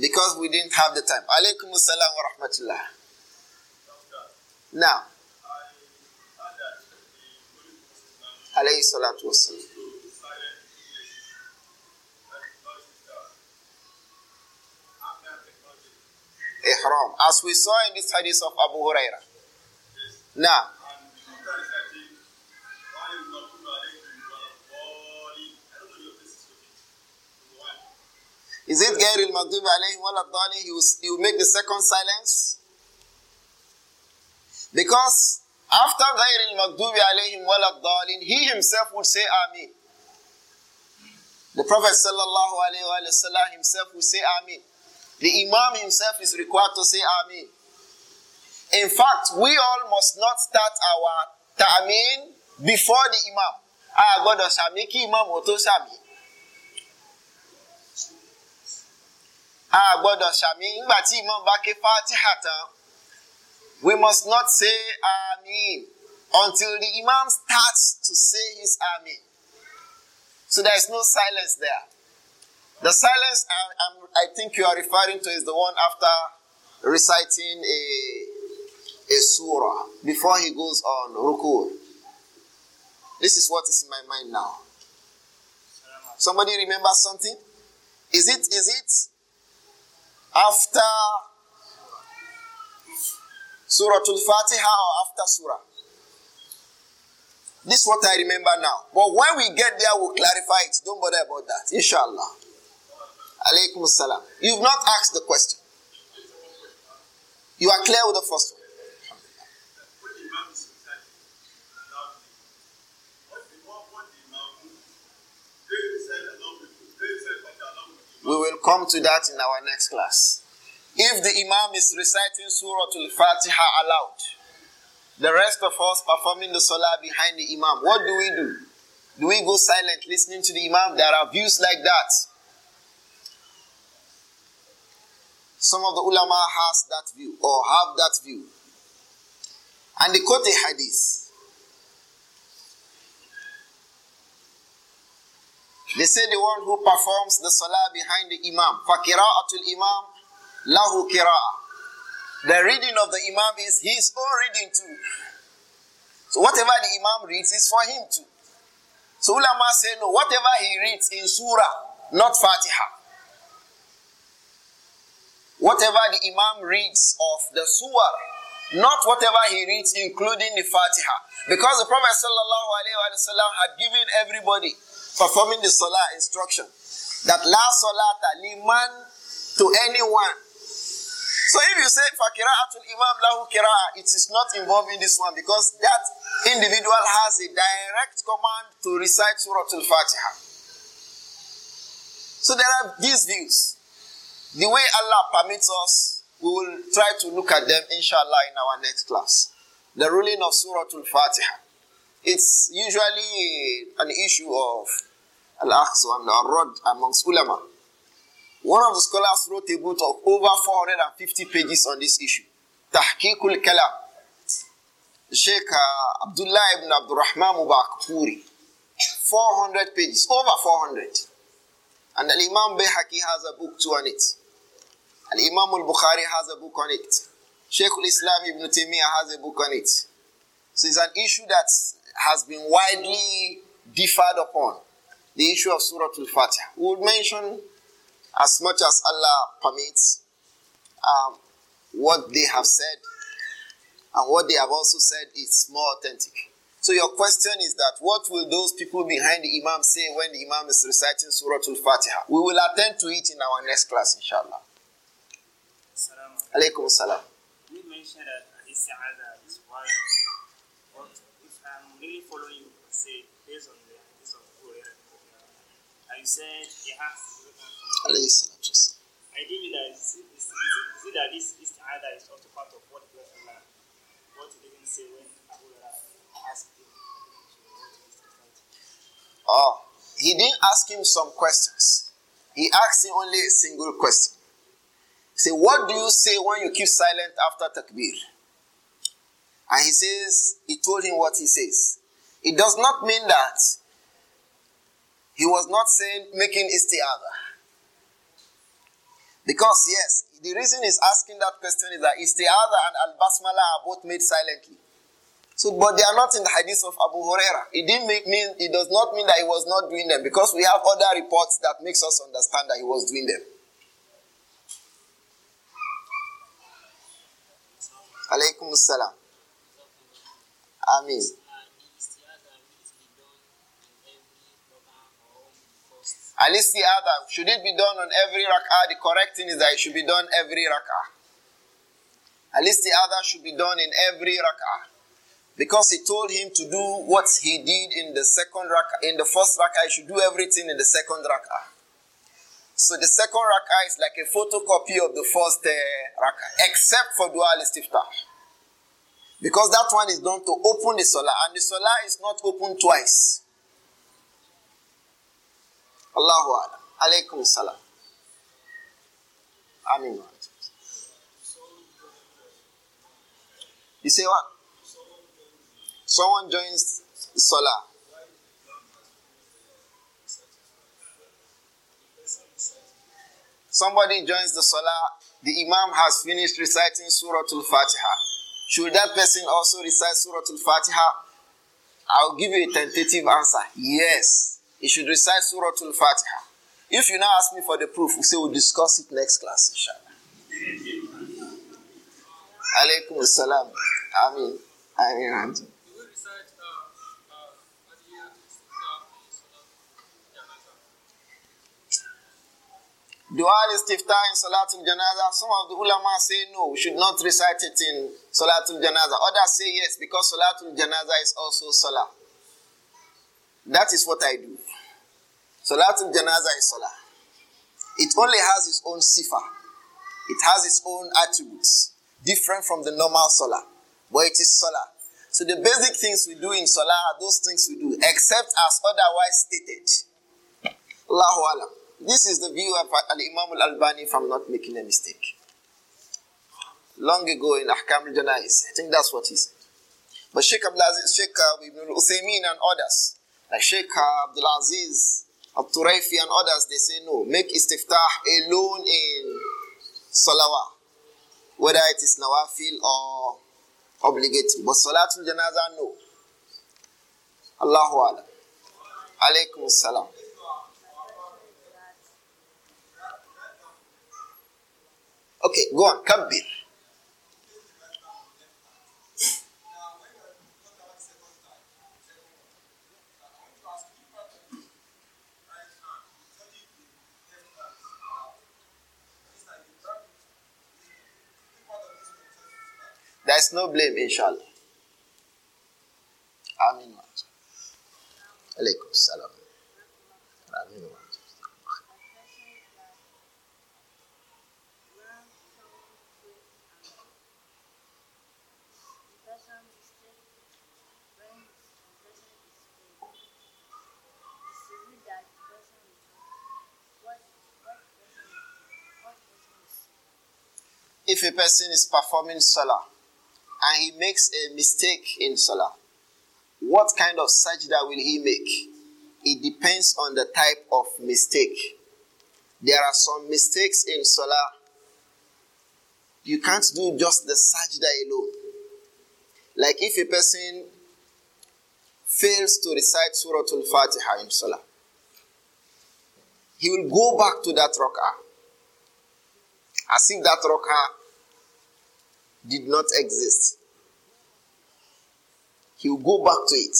because we didn't have the time. Alaykum assalam wa rahmatullah. Now, alayhi salatu wasalam. Ihram, as we saw in this hadith of Abu Huraira. Now, Is it غير المغضوب عليهم ولا الضالين? You, will make the second silence? Because after غير المغضوب عليهم ولا الضالين, he himself would say Ameen. The Prophet sallallahu alayhi wa himself would say Ameen. The Imam himself is required to say Ameen. In fact, we all must not start our ta'ameen before the Imam. Ah, God, Imam, Oto Shami. a gbọ́dọ̀ ṣàmì nígbà tí imam bá ké fatiha tán we must not say amin until the imam starts to say his amin so there is no silence there the silence I, am I think you are referring to is the one after reciting a a surah before he goes on ruku. This is what is in my mind now. Somebody remember something? Is it is it after Surah Al Fatiha or after Surah. This is what I remember now. But when we get there, we'll clarify it. Don't bother about that. Inshallah. Alaykum salam. You've not asked the question. You are clear with the first one. We will come to that in our next class. If the Imam is reciting Surah Al Fatiha aloud, the rest of us performing the Salah behind the Imam, what do we do? Do we go silent listening to the Imam? There are views like that. Some of the ulama has that view or have that view. And they quote a hadith They say the one who performs the salah behind the imam. Fakira'atul imam, lahu kira'a. The reading of the imam is his own reading too. So whatever the imam reads is for him too. So ulama say no, whatever he reads in surah, not fatiha. Whatever the imam reads of the surah, not whatever he reads, including the Fatiha. Because the Prophet had given everybody performing the salah instruction that la salata liman to anyone. So if you say fakira fakira'atul imam lahu kira'a, it is not involved in this one because that individual has a direct command to recite Surah Al-Fatiha. So there are these views. The way Allah permits us, we will try to look at them inshallah in our next class. The ruling of Surah Al-Fatiha. It's usually an issue of al-akhz and al-rad amongst ulama. One of the scholars wrote a book of over 450 pages on this issue, Tahqiqul Kalam. Sheikh uh, Abdullah ibn Abdurrahman Mubarak Puri. 400 pages, over 400. And Al Imam Bayhaqi has a book too on it. Al Imam Al Bukhari has a book on it. Sheikh Al Islam Ibn Taymiyyah has a book on it. So it's an issue that has been widely differed upon the issue of Surah Al Fatiha. We will mention as much as Allah permits um, what they have said and what they have also said is more authentic. So your question is that what will those people behind the Imam say when the Imam is reciting Surah Al-Fatiha? We will attend to it in our next class, inshallah. Salam. salam. You mentioned that is one, but if I'm really following you, say, based on and said he has to I agree with that. See, see, see that this is other is also part of what the Prophet learned. What did he say when Abu asked him? Oh, he didn't ask him some questions. He asked him only a single question. He said, What do you say when you keep silent after takbir? And he says, He told him what he says. It does not mean that he was not saying making istiada. Because, yes, the reason he's asking that question is that istiada and al basmala are both made silently. So, but they are not in the hadith of Abu Huraira. It didn't make, mean it does not mean that he was not doing them because we have other reports that makes us understand that he was doing them. Alaykum salam. At least the other, should it be done on every rak'ah? The correct thing is that it should be done every rak'ah. At least the other should be done in every rak'ah. Because he told him to do what he did in the second rak'ah, in the first rak'ah, he should do everything in the second rak'ah. So the second rak'ah is like a photocopy of the first uh, rak'ah, except for dual istiftah. Because that one is done to open the salah, and the salah is not open twice. Allahu Alam. Alaykum Salam. Amin. You say what? Someone joins Salah. Somebody joins the Salah, the Imam has finished reciting Surah Al Fatiha. Should that person also recite Surah Al Fatiha? I'll give you a tentative answer yes. You should recite Surah Al Fatiha. If you now ask me for the proof, we say we'll discuss it next class, inshallah. Alaykum salam. Amin. Ameen. Uh, uh, Dua al-istiftah in Salatul Janaza. Some of the ulama say no, we should not recite it in Salatul Janaza. Others say yes, because Salatul Janaza is also Salah. That is what I do. Salatul Janaza is Salah. It only has its own sifa. It has its own attributes, different from the normal Salah. But it is Salah. So the basic things we do in Salah are those things we do, except as otherwise stated. Allahu Alam. This is the view of Imam Al Albani, if I'm not making a mistake. Long ago in Ahkam Al Janais, I think that's what he said. But Sheikh Abdul Aziz, Sheikh Ibn Al Uthaymeen and others, like Sheikh Abdul Aziz Abturaifi and others, they say no. Make istiftah alone in salawah, whether it is nawafil or obligatory. But salatul janaza, no. Allahu Alam. Alaykum salam. Okay, go on, kabbir. is no blame, inshallah. Amin. Alaykum salam. Amin. If a person is performing salah and he makes a mistake in salah, what kind of sajda will he make? It depends on the type of mistake. There are some mistakes in salah. You can't do just the sajda alone. Like if a person fails to recite Surah Al Fatiha in salah, he will go back to that rak'ah. As if that rak'ah did not exist. He will go back to it.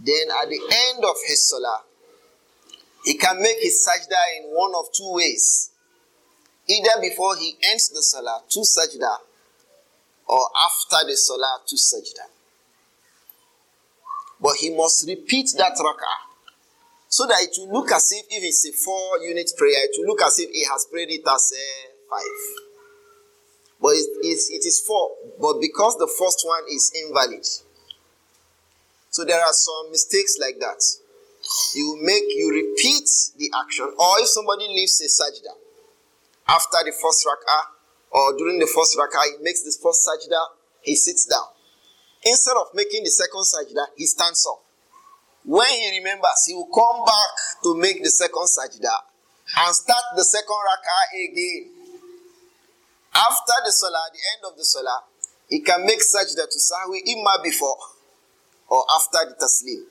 Then at the end of his salah, he can make his sajda in one of two ways. Either before he ends the salah, to sajda, or after the salah, to sajda. But he must repeat that rak'ah so that it will look as if if it's a four unit prayer, it will look as if he has prayed it as a five. But it's, it is four. But because the first one is invalid. So there are some mistakes like that. You make, you repeat the action. Or if somebody leaves a sajda after the first rak'ah or during the first rak'ah, he makes the first sajda, he sits down. Instead of making the second sajda, he stands up. When he remembers, he will come back to make the second sajda and start the second rak'ah again. After the salah, the end of the salah, he can make sajda to sahwi i before or after the taslim.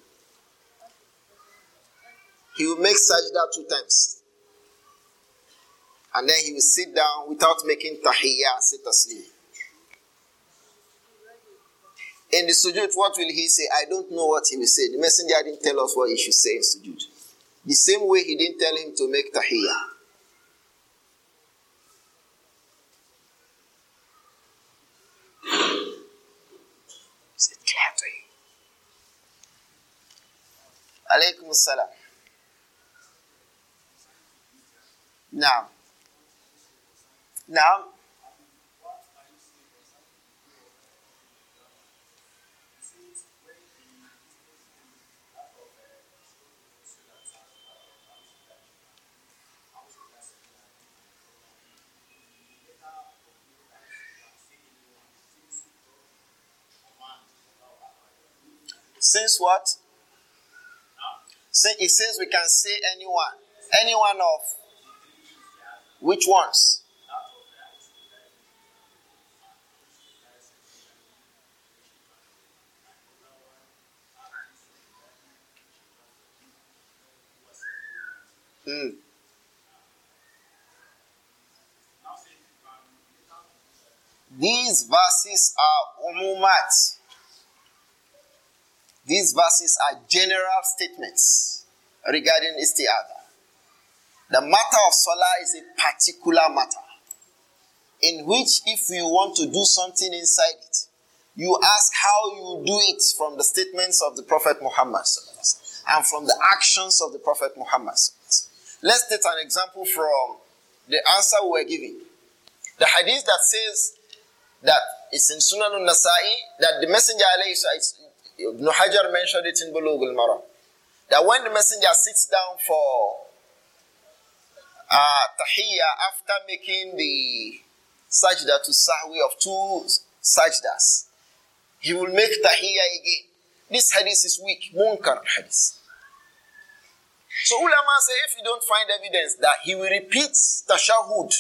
He will make sajda two times. And then he will sit down without making tahiyyah, sit asleep. In the sujud, what will he say? I don't know what he will say. The messenger didn't tell us what he should say in sujud. The same way he didn't tell him to make tahiyyah. شافعي عليكم السلام نعم نعم Since what? See, it says we can say anyone. Anyone of which ones? Mm. These verses are umumat. These verses are general statements regarding istiada. The matter of salah is a particular matter in which, if you want to do something inside it, you ask how you do it from the statements of the Prophet Muhammad and from the actions of the Prophet Muhammad. Let's take an example from the answer we were giving. The hadith that says that it's in Sunan al-Nasa'i that the Messenger Ibn Hajar mentioned it in Bulugh al-Maram. That when the messenger sits down for uh, tahiyya after making the sajda to sahwi of two sajdas, he will make tahiyya again. This hadith is weak, munkar hadith. So ulama say if you don't find evidence that he will repeat tashahud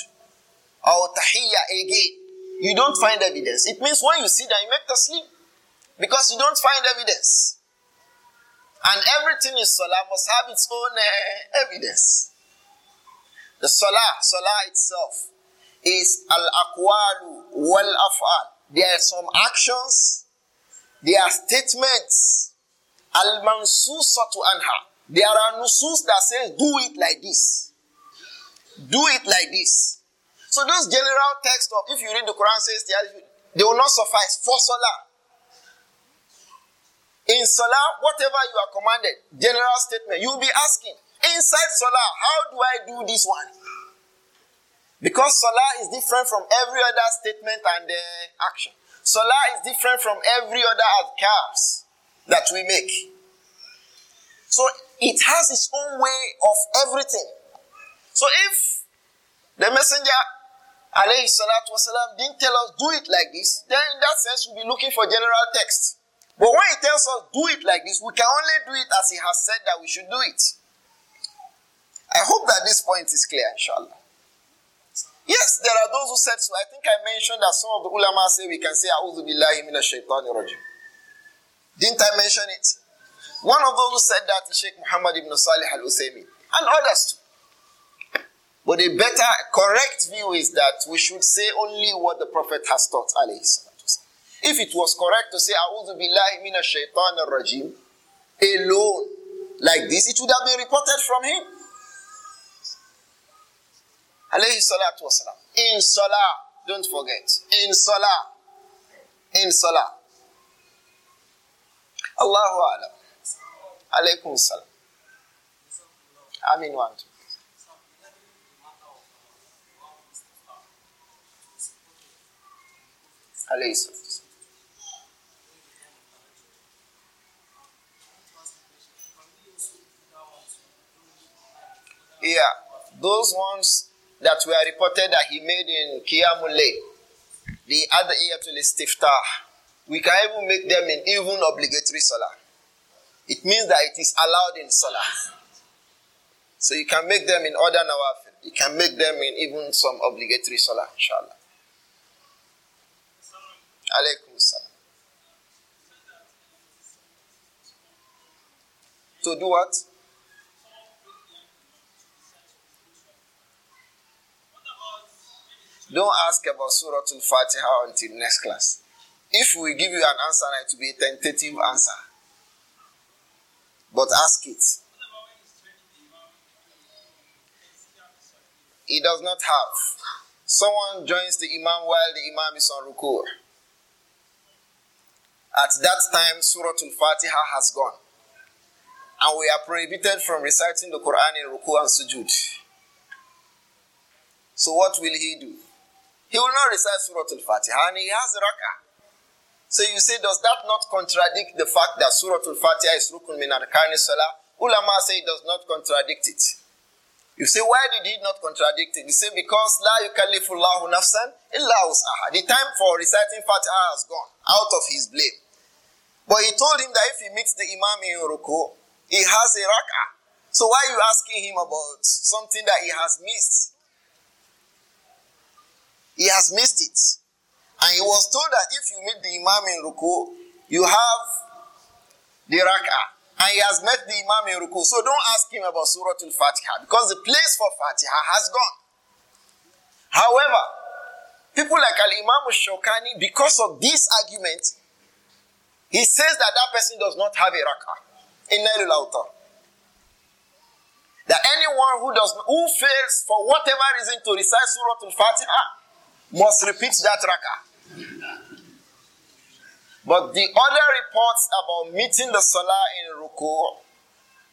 or tahiyya again, you don't find evidence. It means when you see down, you make taslim. Because you don't find evidence. And everything in Salah must have its own uh, evidence. The Salah, Salah itself, is al aqwalu wal af'al. There are some actions, there are statements, al mansusatu anha. There are nusus that says do it like this, do it like this. So those general texts of if you read the Quran says they, they will not suffice for Salah. In Salah, whatever you are commanded, general statement, you'll be asking, inside Salah, how do I do this one? Because Salah is different from every other statement and uh, action. Salah is different from every other acts that we make. So it has its own way of everything. So if the messenger alayhi salatu wasalam didn't tell us do it like this, then in that sense we'll be looking for general text. But when he tells us do it like this, we can only do it as he has said that we should do it. I hope that this point is clear, inshallah. Yes, there are those who said so. I think I mentioned that some of the ulama say we can say A'udhu billahi minash shaitani Didn't I mention it? One of those who said that is Sheikh Muhammad ibn Salih al Uthaymeen and others too. But a better, correct view is that we should say only what the Prophet has taught, alayhi if it was correct to say, A'udhu billahi mina shaitan rajim, alone, like this, it would have been reported from him. Alayhi salatu wasalam. In salah, don't forget. In salah. In salah. Allahu alam. Alaykum salam. Amin wa antum. Alayhi Yeah, those ones that were reported that he made in Qiyamulay, the other Ayatul Istiftah, we can even make them in even obligatory salah. It means that it is allowed in salah. So you can make them in other nawafil. You can make them in even some obligatory salah, inshallah. Alaykum salam. To do what? Don't ask about Surah Al Fatiha until next class. If we give you an answer, it will be a tentative answer. But ask it. It does not have. Someone joins the Imam while the Imam is on ruku. At that time, Surah Al Fatiha has gone. And we are prohibited from reciting the Quran in ruku and sujud. So, what will he do? He will not recite Surah Al Fatiha and he has raka. So you say, does that not contradict the fact that Surah Al Fatiha is Rukun min Arkani Salah? Ulama say it does not contradict it. You say, why did he not contradict it? You say, because La yukallifullahu nafsan illa us'aha. The time for reciting Fatiha has gone out of his blame. But he told him that if he meets the Imam in Ruku, he has a raka. So why are you asking him about something that he has missed? He has missed it. And he was told that if you meet the Imam in Ruku, you have the raka. And he has met the Imam in Ruku. So don't ask him about Surah Al Fatiha because the place for Fatiha has gone. However, people like Al Imam Al because of this argument, he says that that person does not have a raka In Nailul Autor that anyone who does who fails for whatever reason to recite Surah Al-Fatiha must repeat that raka. But the other reports about meeting the salah in ruku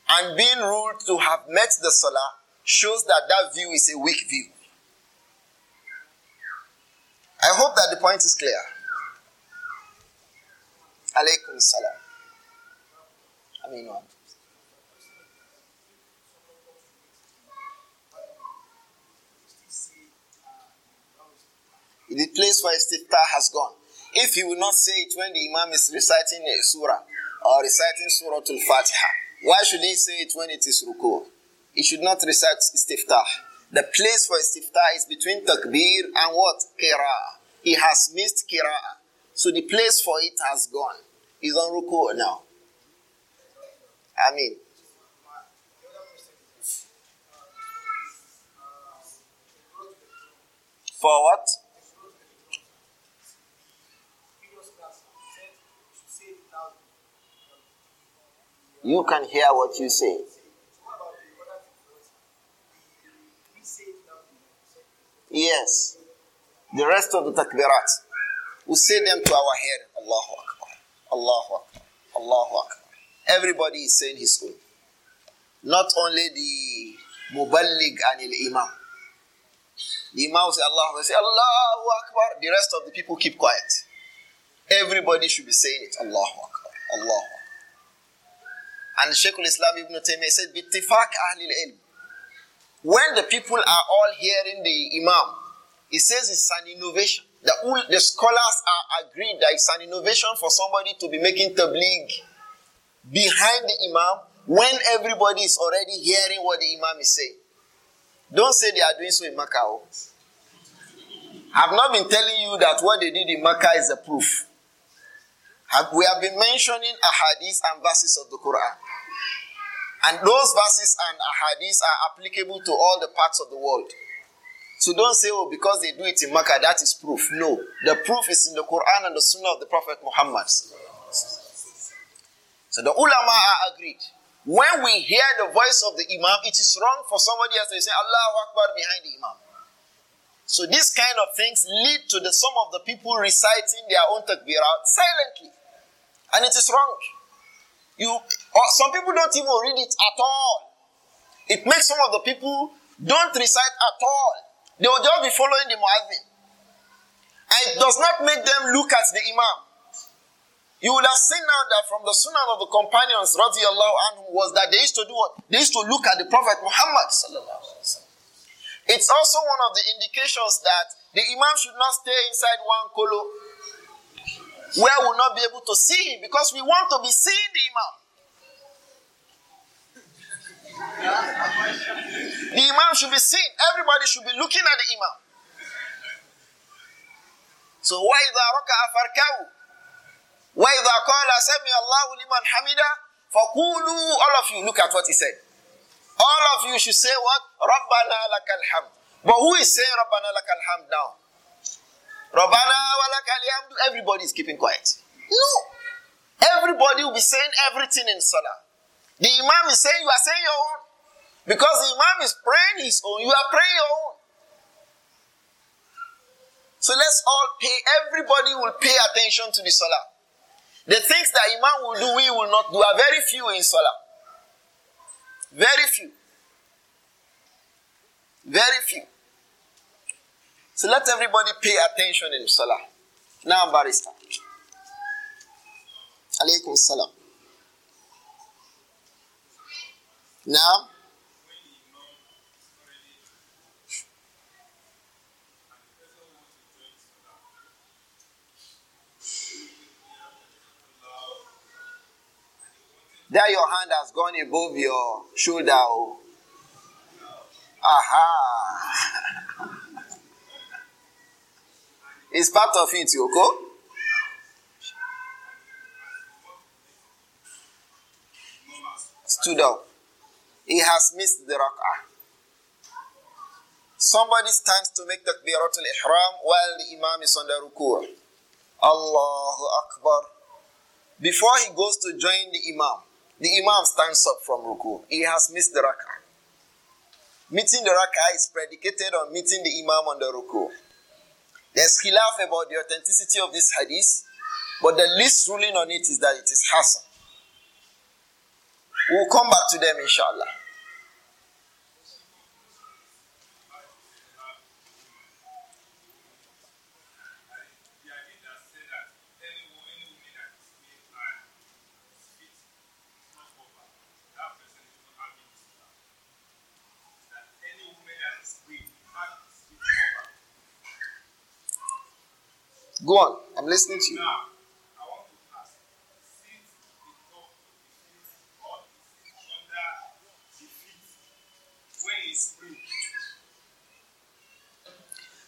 and being ruled to have met the salah shows that that view is a weak view. I hope that the point is clear. Alaykum salam. I mean, the place for istiftah has gone. If he will not say it when the imam is reciting a surah or reciting surah al fatiha, why should he say it when it is ruku? He should not recite istiftah. The place for istiftah is between takbir and what? kira. He has missed kira, So the place for it has gone. He's on ruku now. I mean, for what? You can hear what you say. Yes. The rest of the takbirat. We say them to our head. Allahu Akbar. Allahu Akbar. Allahu Akbar. Everybody is saying his own. Not only the muballigh and the imam. The imam will say Allahu say Allahu Akbar. The rest of the people keep quiet. Everybody should be saying it. Allahu Akbar. Allahu and sheik al-Islam Ibn Taymiyyah said, Bittifak Ahlil Ilm. When the people are all hearing the Imam, he says it's an innovation. The, the scholars are agreed that it's an innovation for somebody to be making tabligh behind the Imam when everybody is already hearing what the Imam is saying. Don't say they are doing so in Macau. Oh. I've not been telling you that what they did in Makkah is a proof. We have been mentioning ahadith and verses of the Quran. And those verses and ahadiths are applicable to all the parts of the world. So don't say, oh, because they do it in Makkah, that is proof. No. The proof is in the Quran and the Sunnah of the Prophet Muhammad. So the ulama are agreed. When we hear the voice of the Imam, it is wrong for somebody else to say, Allah Akbar behind the Imam. So these kind of things lead to the some of the people reciting their own takbirah silently. And it is wrong. You or some people don't even read it at all. It makes some of the people don't recite at all. They will just be following the muazzin. And it does not make them look at the imam. You will have seen now that from the sunnah of the companions, radiallahu anhum, was that they used to do what? They used to look at the Prophet Muhammad. It's also one of the indications that the imam should not stay inside one kolo where we'll not be able to see him because we want to be seeing the imam. the imam should be seen. Everybody should be looking at the imam. So why the وَإِذَا afarkau? Why the قَالَ سَمِعَ اللَّهُ hamida? For فَقُولُوا All of you, look at what he said. All of you should say what? رَبَّنَا لَكَ But who is saying رَبَّنَا لَكَ now? Everybody is keeping quiet. No. Everybody will be saying everything in Salah. The Imam is saying, you are saying your own. Because the Imam is praying his own, you are praying your own. So let's all pay, everybody will pay attention to the Salah. The things that Imam will do, we will not do, are very few in Salah. Very few. Very few. So let everybody pay attention in Salah. Now, Barrister. Alaykum salam. Now, There your hand has gone above your shoulder. Oh. Aha. It's part of it, Yoko. Stood up. He has missed the rak'ah. Somebody stands to make takbiratul ihram while the imam is on the rukur. Allahu Akbar. Before he goes to join the imam, the imam stands up from rukur. He has missed the rak'ah. Meeting the rak'ah is predicated on meeting the imam on the rukur. There's khilaf about the authenticity of this hadith, but the least ruling on it is that it is Hassan. We'll come back to them, inshallah. Go on. I'm listening to you.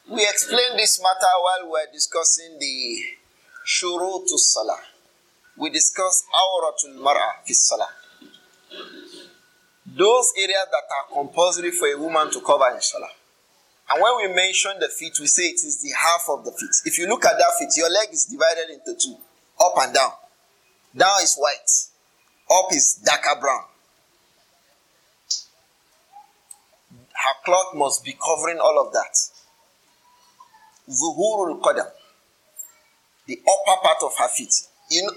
We explained this matter while we were discussing the shuru to salah. We discussed auratul mar'a fi salah. Those areas that are compulsory for a woman to cover in salah. And when we mention the feet, we say it is the half of the feet. If you look at that feet, your leg is divided into two, up and down. Down is white, up is darker brown. Her cloth must be covering all of that. Zuhurul Qadam, the upper part of her feet. You know,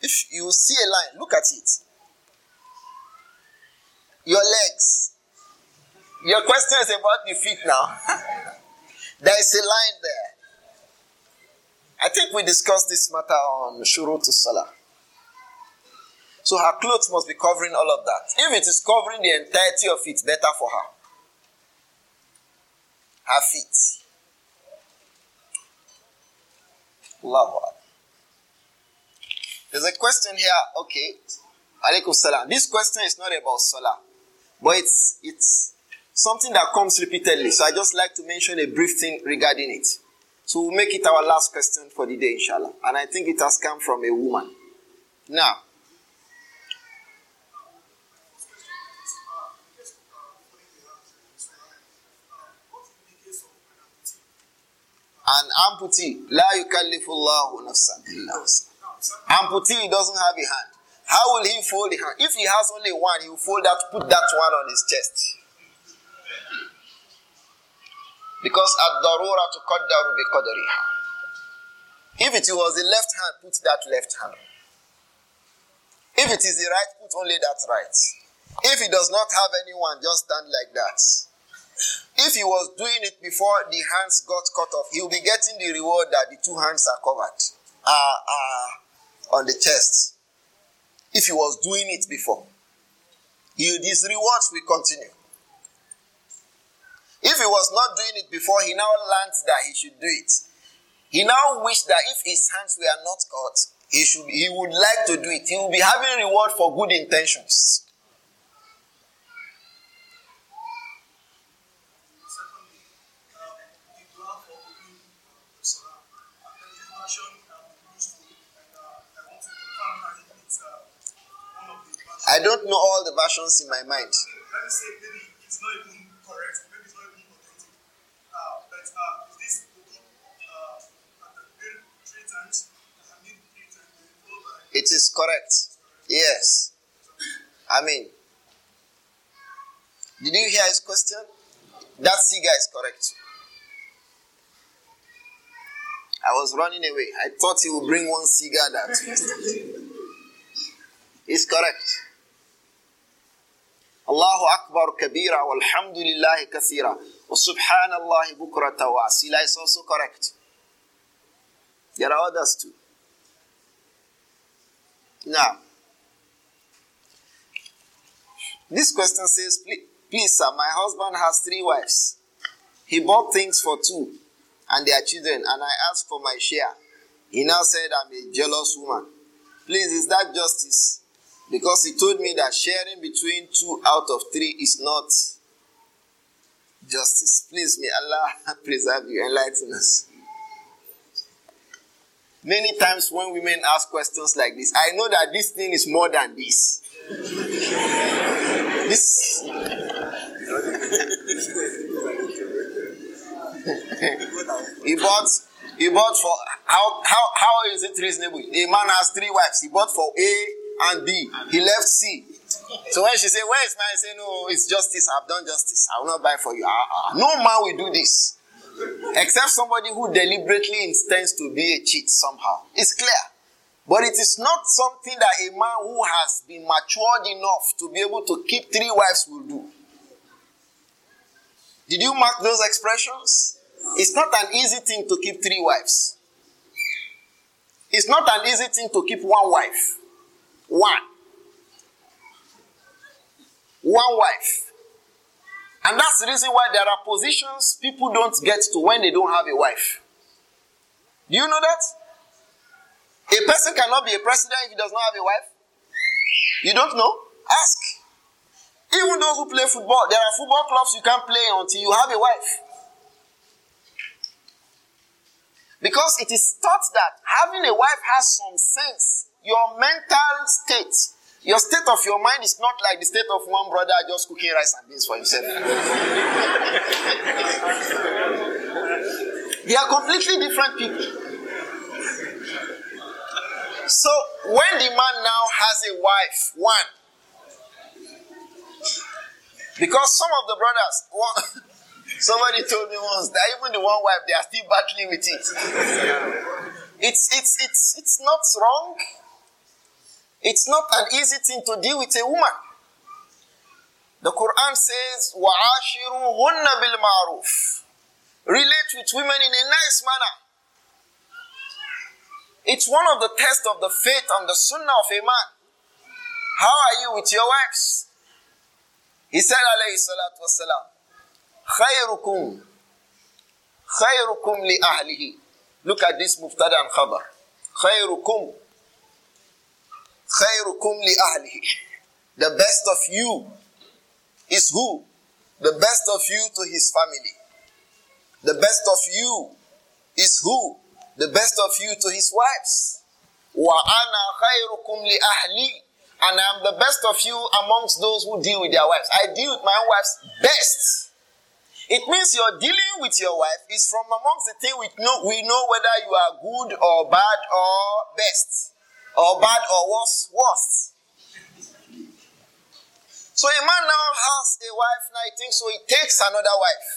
if you see a line, look at it. Your legs your question is about the feet now. there is a line there. I think we discussed this matter on Shuru to Salah. So her clothes must be covering all of that. If it is covering the entirety of it, better for her. Her feet. Love her. There's a question here. Okay. Alaikum salam. This question is not about salah, but it's it's something that comes repeatedly. So I just like to mention a brief thing regarding it. So we'll make it our last question for the day, inshallah. And I think it has come from a woman. Now, an amputee, la yukallifullahu nafsan illa Amputee doesn't have a hand. How will he fold the hand? If he has only one, he will fold that, put that one on his chest. Because at darura to qaddaru bi qadariha. If it was the left hand, put that left hand. If it is the right, put only that right. If he does not have anyone, just stand like that. If he was doing it before the hands got cut off, he will be getting the reward that the two hands are covered, are, ah, are ah, on the chest. If he was doing it before, his rewards will continue. If he was not doing it before, he now learns that he should do it. He now wished that if his hands were not caught, he should he would like to do it. He will be having reward for good intentions. I don't know all the versions in my mind that uh, this book, uh, three times, Hamid three times, it is correct. Yes. I mean, did you hear his question? That figure is correct. I was running away. I thought he would bring one cigar that is correct. Allahu Akbar kabira walhamdulillahi kathira subhanallah bukrata wa is also correct. There are others too. Now, this question says, please sir, my husband has three wives. He bought things for two and their children, and I asked for my share. He now said, I'm a jealous woman. Please, is that justice? Because he told me that sharing between two out of three is not justice. Please, may Allah preserve you, enlighten us. Many times when women ask questions like this, I know that this thing is more than this. this. he bought he bought for how how how is it reasonable? A man has three wives. He bought for A and B. He left C. So when she said, Where is my? I say, No, it's justice. I've done justice. I will not buy for you. Uh-uh. No man will do this. Except somebody who deliberately intends to be a cheat somehow. It's clear. But it is not something that a man who has been matured enough to be able to keep three wives will do. Did you mark those expressions? It's not an easy thing to keep three wives. It's not an easy thing to keep one wife. One one wife. And that's the reason why there are positions people don't get to when they don't have a wife. Do you know that? A person cannot be a president if he does not have a wife. You don't know? Ask. Even those who play football, there are football clubs you can't play until you have a wife. Because it is thought that having a wife has some sense. Your mental state your state of your mind is not like the state of one brother just cooking rice and beans for himself. they are completely different people. So when the man now has a wife, one, because some of the brothers, one, somebody told me once that even the one wife, they are still battling with it. It's it's it's it's not wrong It's not an easy thing to deal with a woman. The Quran says, وَعَاشِرُوهُنَّ بِالْمَعْرُوفِ Relate with women in a nice manner. It's one of the tests of the faith and the sunnah of a man. How are you with your wives? He said, alayhi salatu wasalam, خَيْرُكُمْ خَيْرُكُمْ لِأَهْلِهِ Look at this muftada and khabar. خَيْرُكُمْ خَيْرُكُمْ لِأَهْلِهِ The best of you is who? The best of you to his family. The best of you is who? The best of you to his wives. وَأَنَا خَيْرُكُمْ لِأَهْلِي And I am the best of you amongst those who deal with their wives. I deal with my own wives best. It means your dealing with your wife is from amongst the thing we know, we know whether you are good or bad or best or bad or worse, worse. So a man now has a wife, now he thinks so he takes another wife.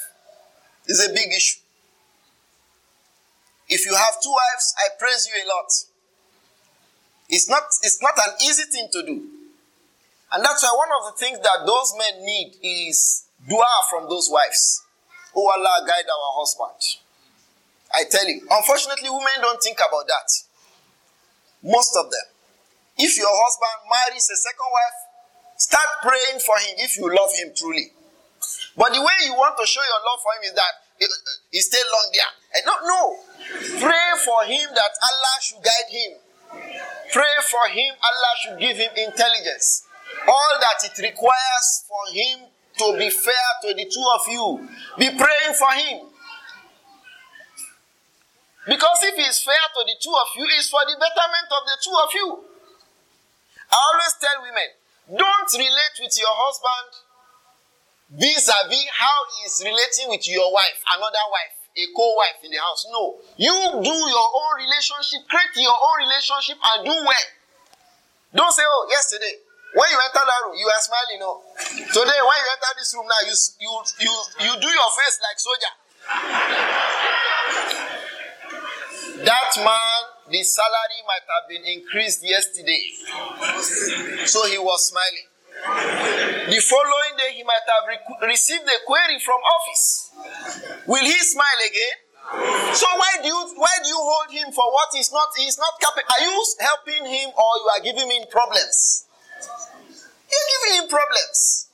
It's a big issue. If you have two wives, I praise you a lot. It's not, it's not an easy thing to do. And that's why one of the things that those men need is dua from those wives. Oh Allah, guide our husband. I tell you. Unfortunately, women don't think about that. Most of them. If your husband marries a second wife, start praying for him if you love him truly. But the way you want to show your love for him is that eh, eh, he stay long there. And eh, no, no. Pray for him that Allah should guide him. Pray for him, Allah should give him intelligence. All that it requires for him to be fair to the two of you. Be praying for him. Because if it's fair to the two of you, it's for the betterment of the two of you. I always tell women, don't relate with your husband vis-a-vis how he is relating with your wife, another wife, a co-wife in the house. No. You do your own relationship, create your own relationship and do well. Don't say, oh, yesterday, when you enter that room, you are smiling, no. Oh. Today, when you enter this room now, you, you, you, you do your face like soldier. That man, the salary might have been increased yesterday. So he was smiling. The following day, he might have received a query from office. Will he smile again? So why do you why do you hold him for what is not is not capable? Are you helping him or you are giving him problems? You're giving him problems.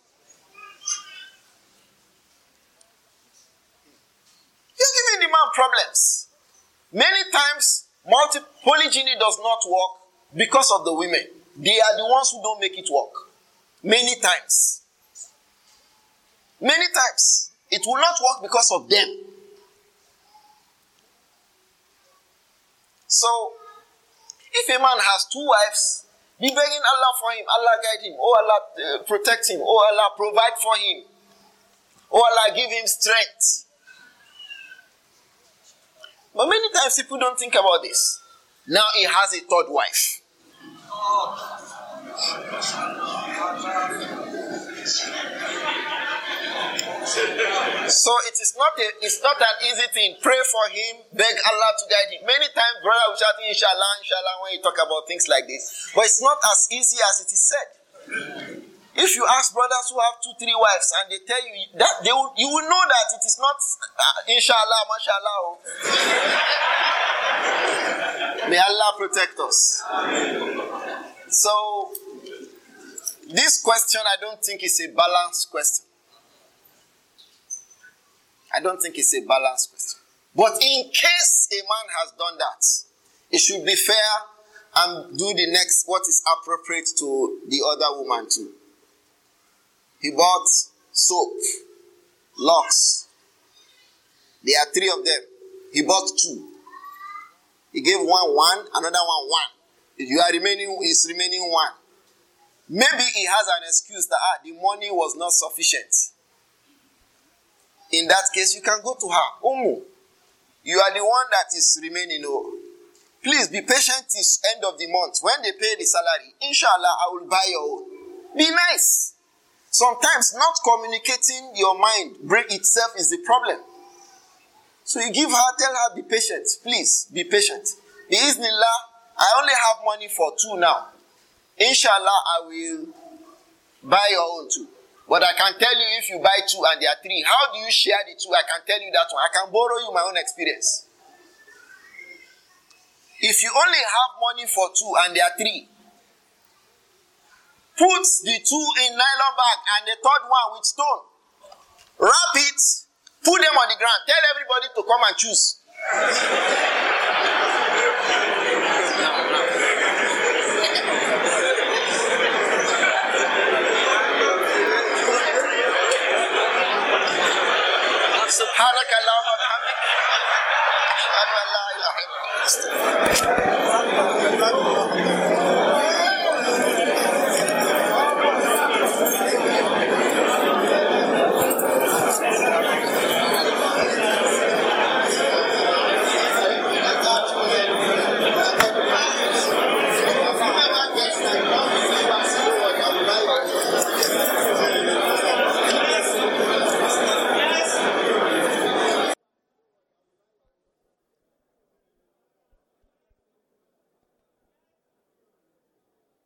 You're giving the man problems. Many times, multi- polygyny does not work because of the women. They are the ones who don't make it work. Many times. Many times. It will not work because of them. So, if a man has two wives, be begging Allah for him, Allah guide him, oh Allah uh, protect him, oh Allah provide for him, oh Allah give him strength. But many times people don't think about this. Now he has a third wife. So it is not a, it's not an easy thing. Pray for him, beg Allah to guide him. Many times, brother, we shout inshallah, inshallah when you talk about things like this. But it's not as easy as it is said. If you ask brothers who have two, three wives and they tell you that, they will, you will know that it is not uh, inshallah, mashallah. Oh. May Allah protect us. Amen. So, this question, I don't think is a balanced question. I don't think it's a balanced question. But in case a man has done that, it should be fair and do the next what is appropriate to the other woman too. He bought soap, locks. There are three of them. He bought two. He gave one one, another one one. You are remaining is remaining one. Maybe he has an excuse that ah, the money was not sufficient. In that case, you can go to her. Umu, you are the one that is remaining. Oh. Please be patient It's end of the month. When they pay the salary, inshallah, I will buy your own. Be nice. Sometimes not communicating your mind break itself is the problem. So you give her, tell her, be patient. Please, be patient. Bismillah, I only have money for two now. Inshallah, I will buy your own two. But I can tell you if you buy two and there are three, how do you share the two? I can tell you that one. I can borrow you my own experience. If you only have money for two and there are three, Put the two in nylon bag and the third one with stone. Wrap it, put them on the ground. Tell everybody to come and choose. سبحانك اللهم وبحمدك اشهد ان لا اله الا انت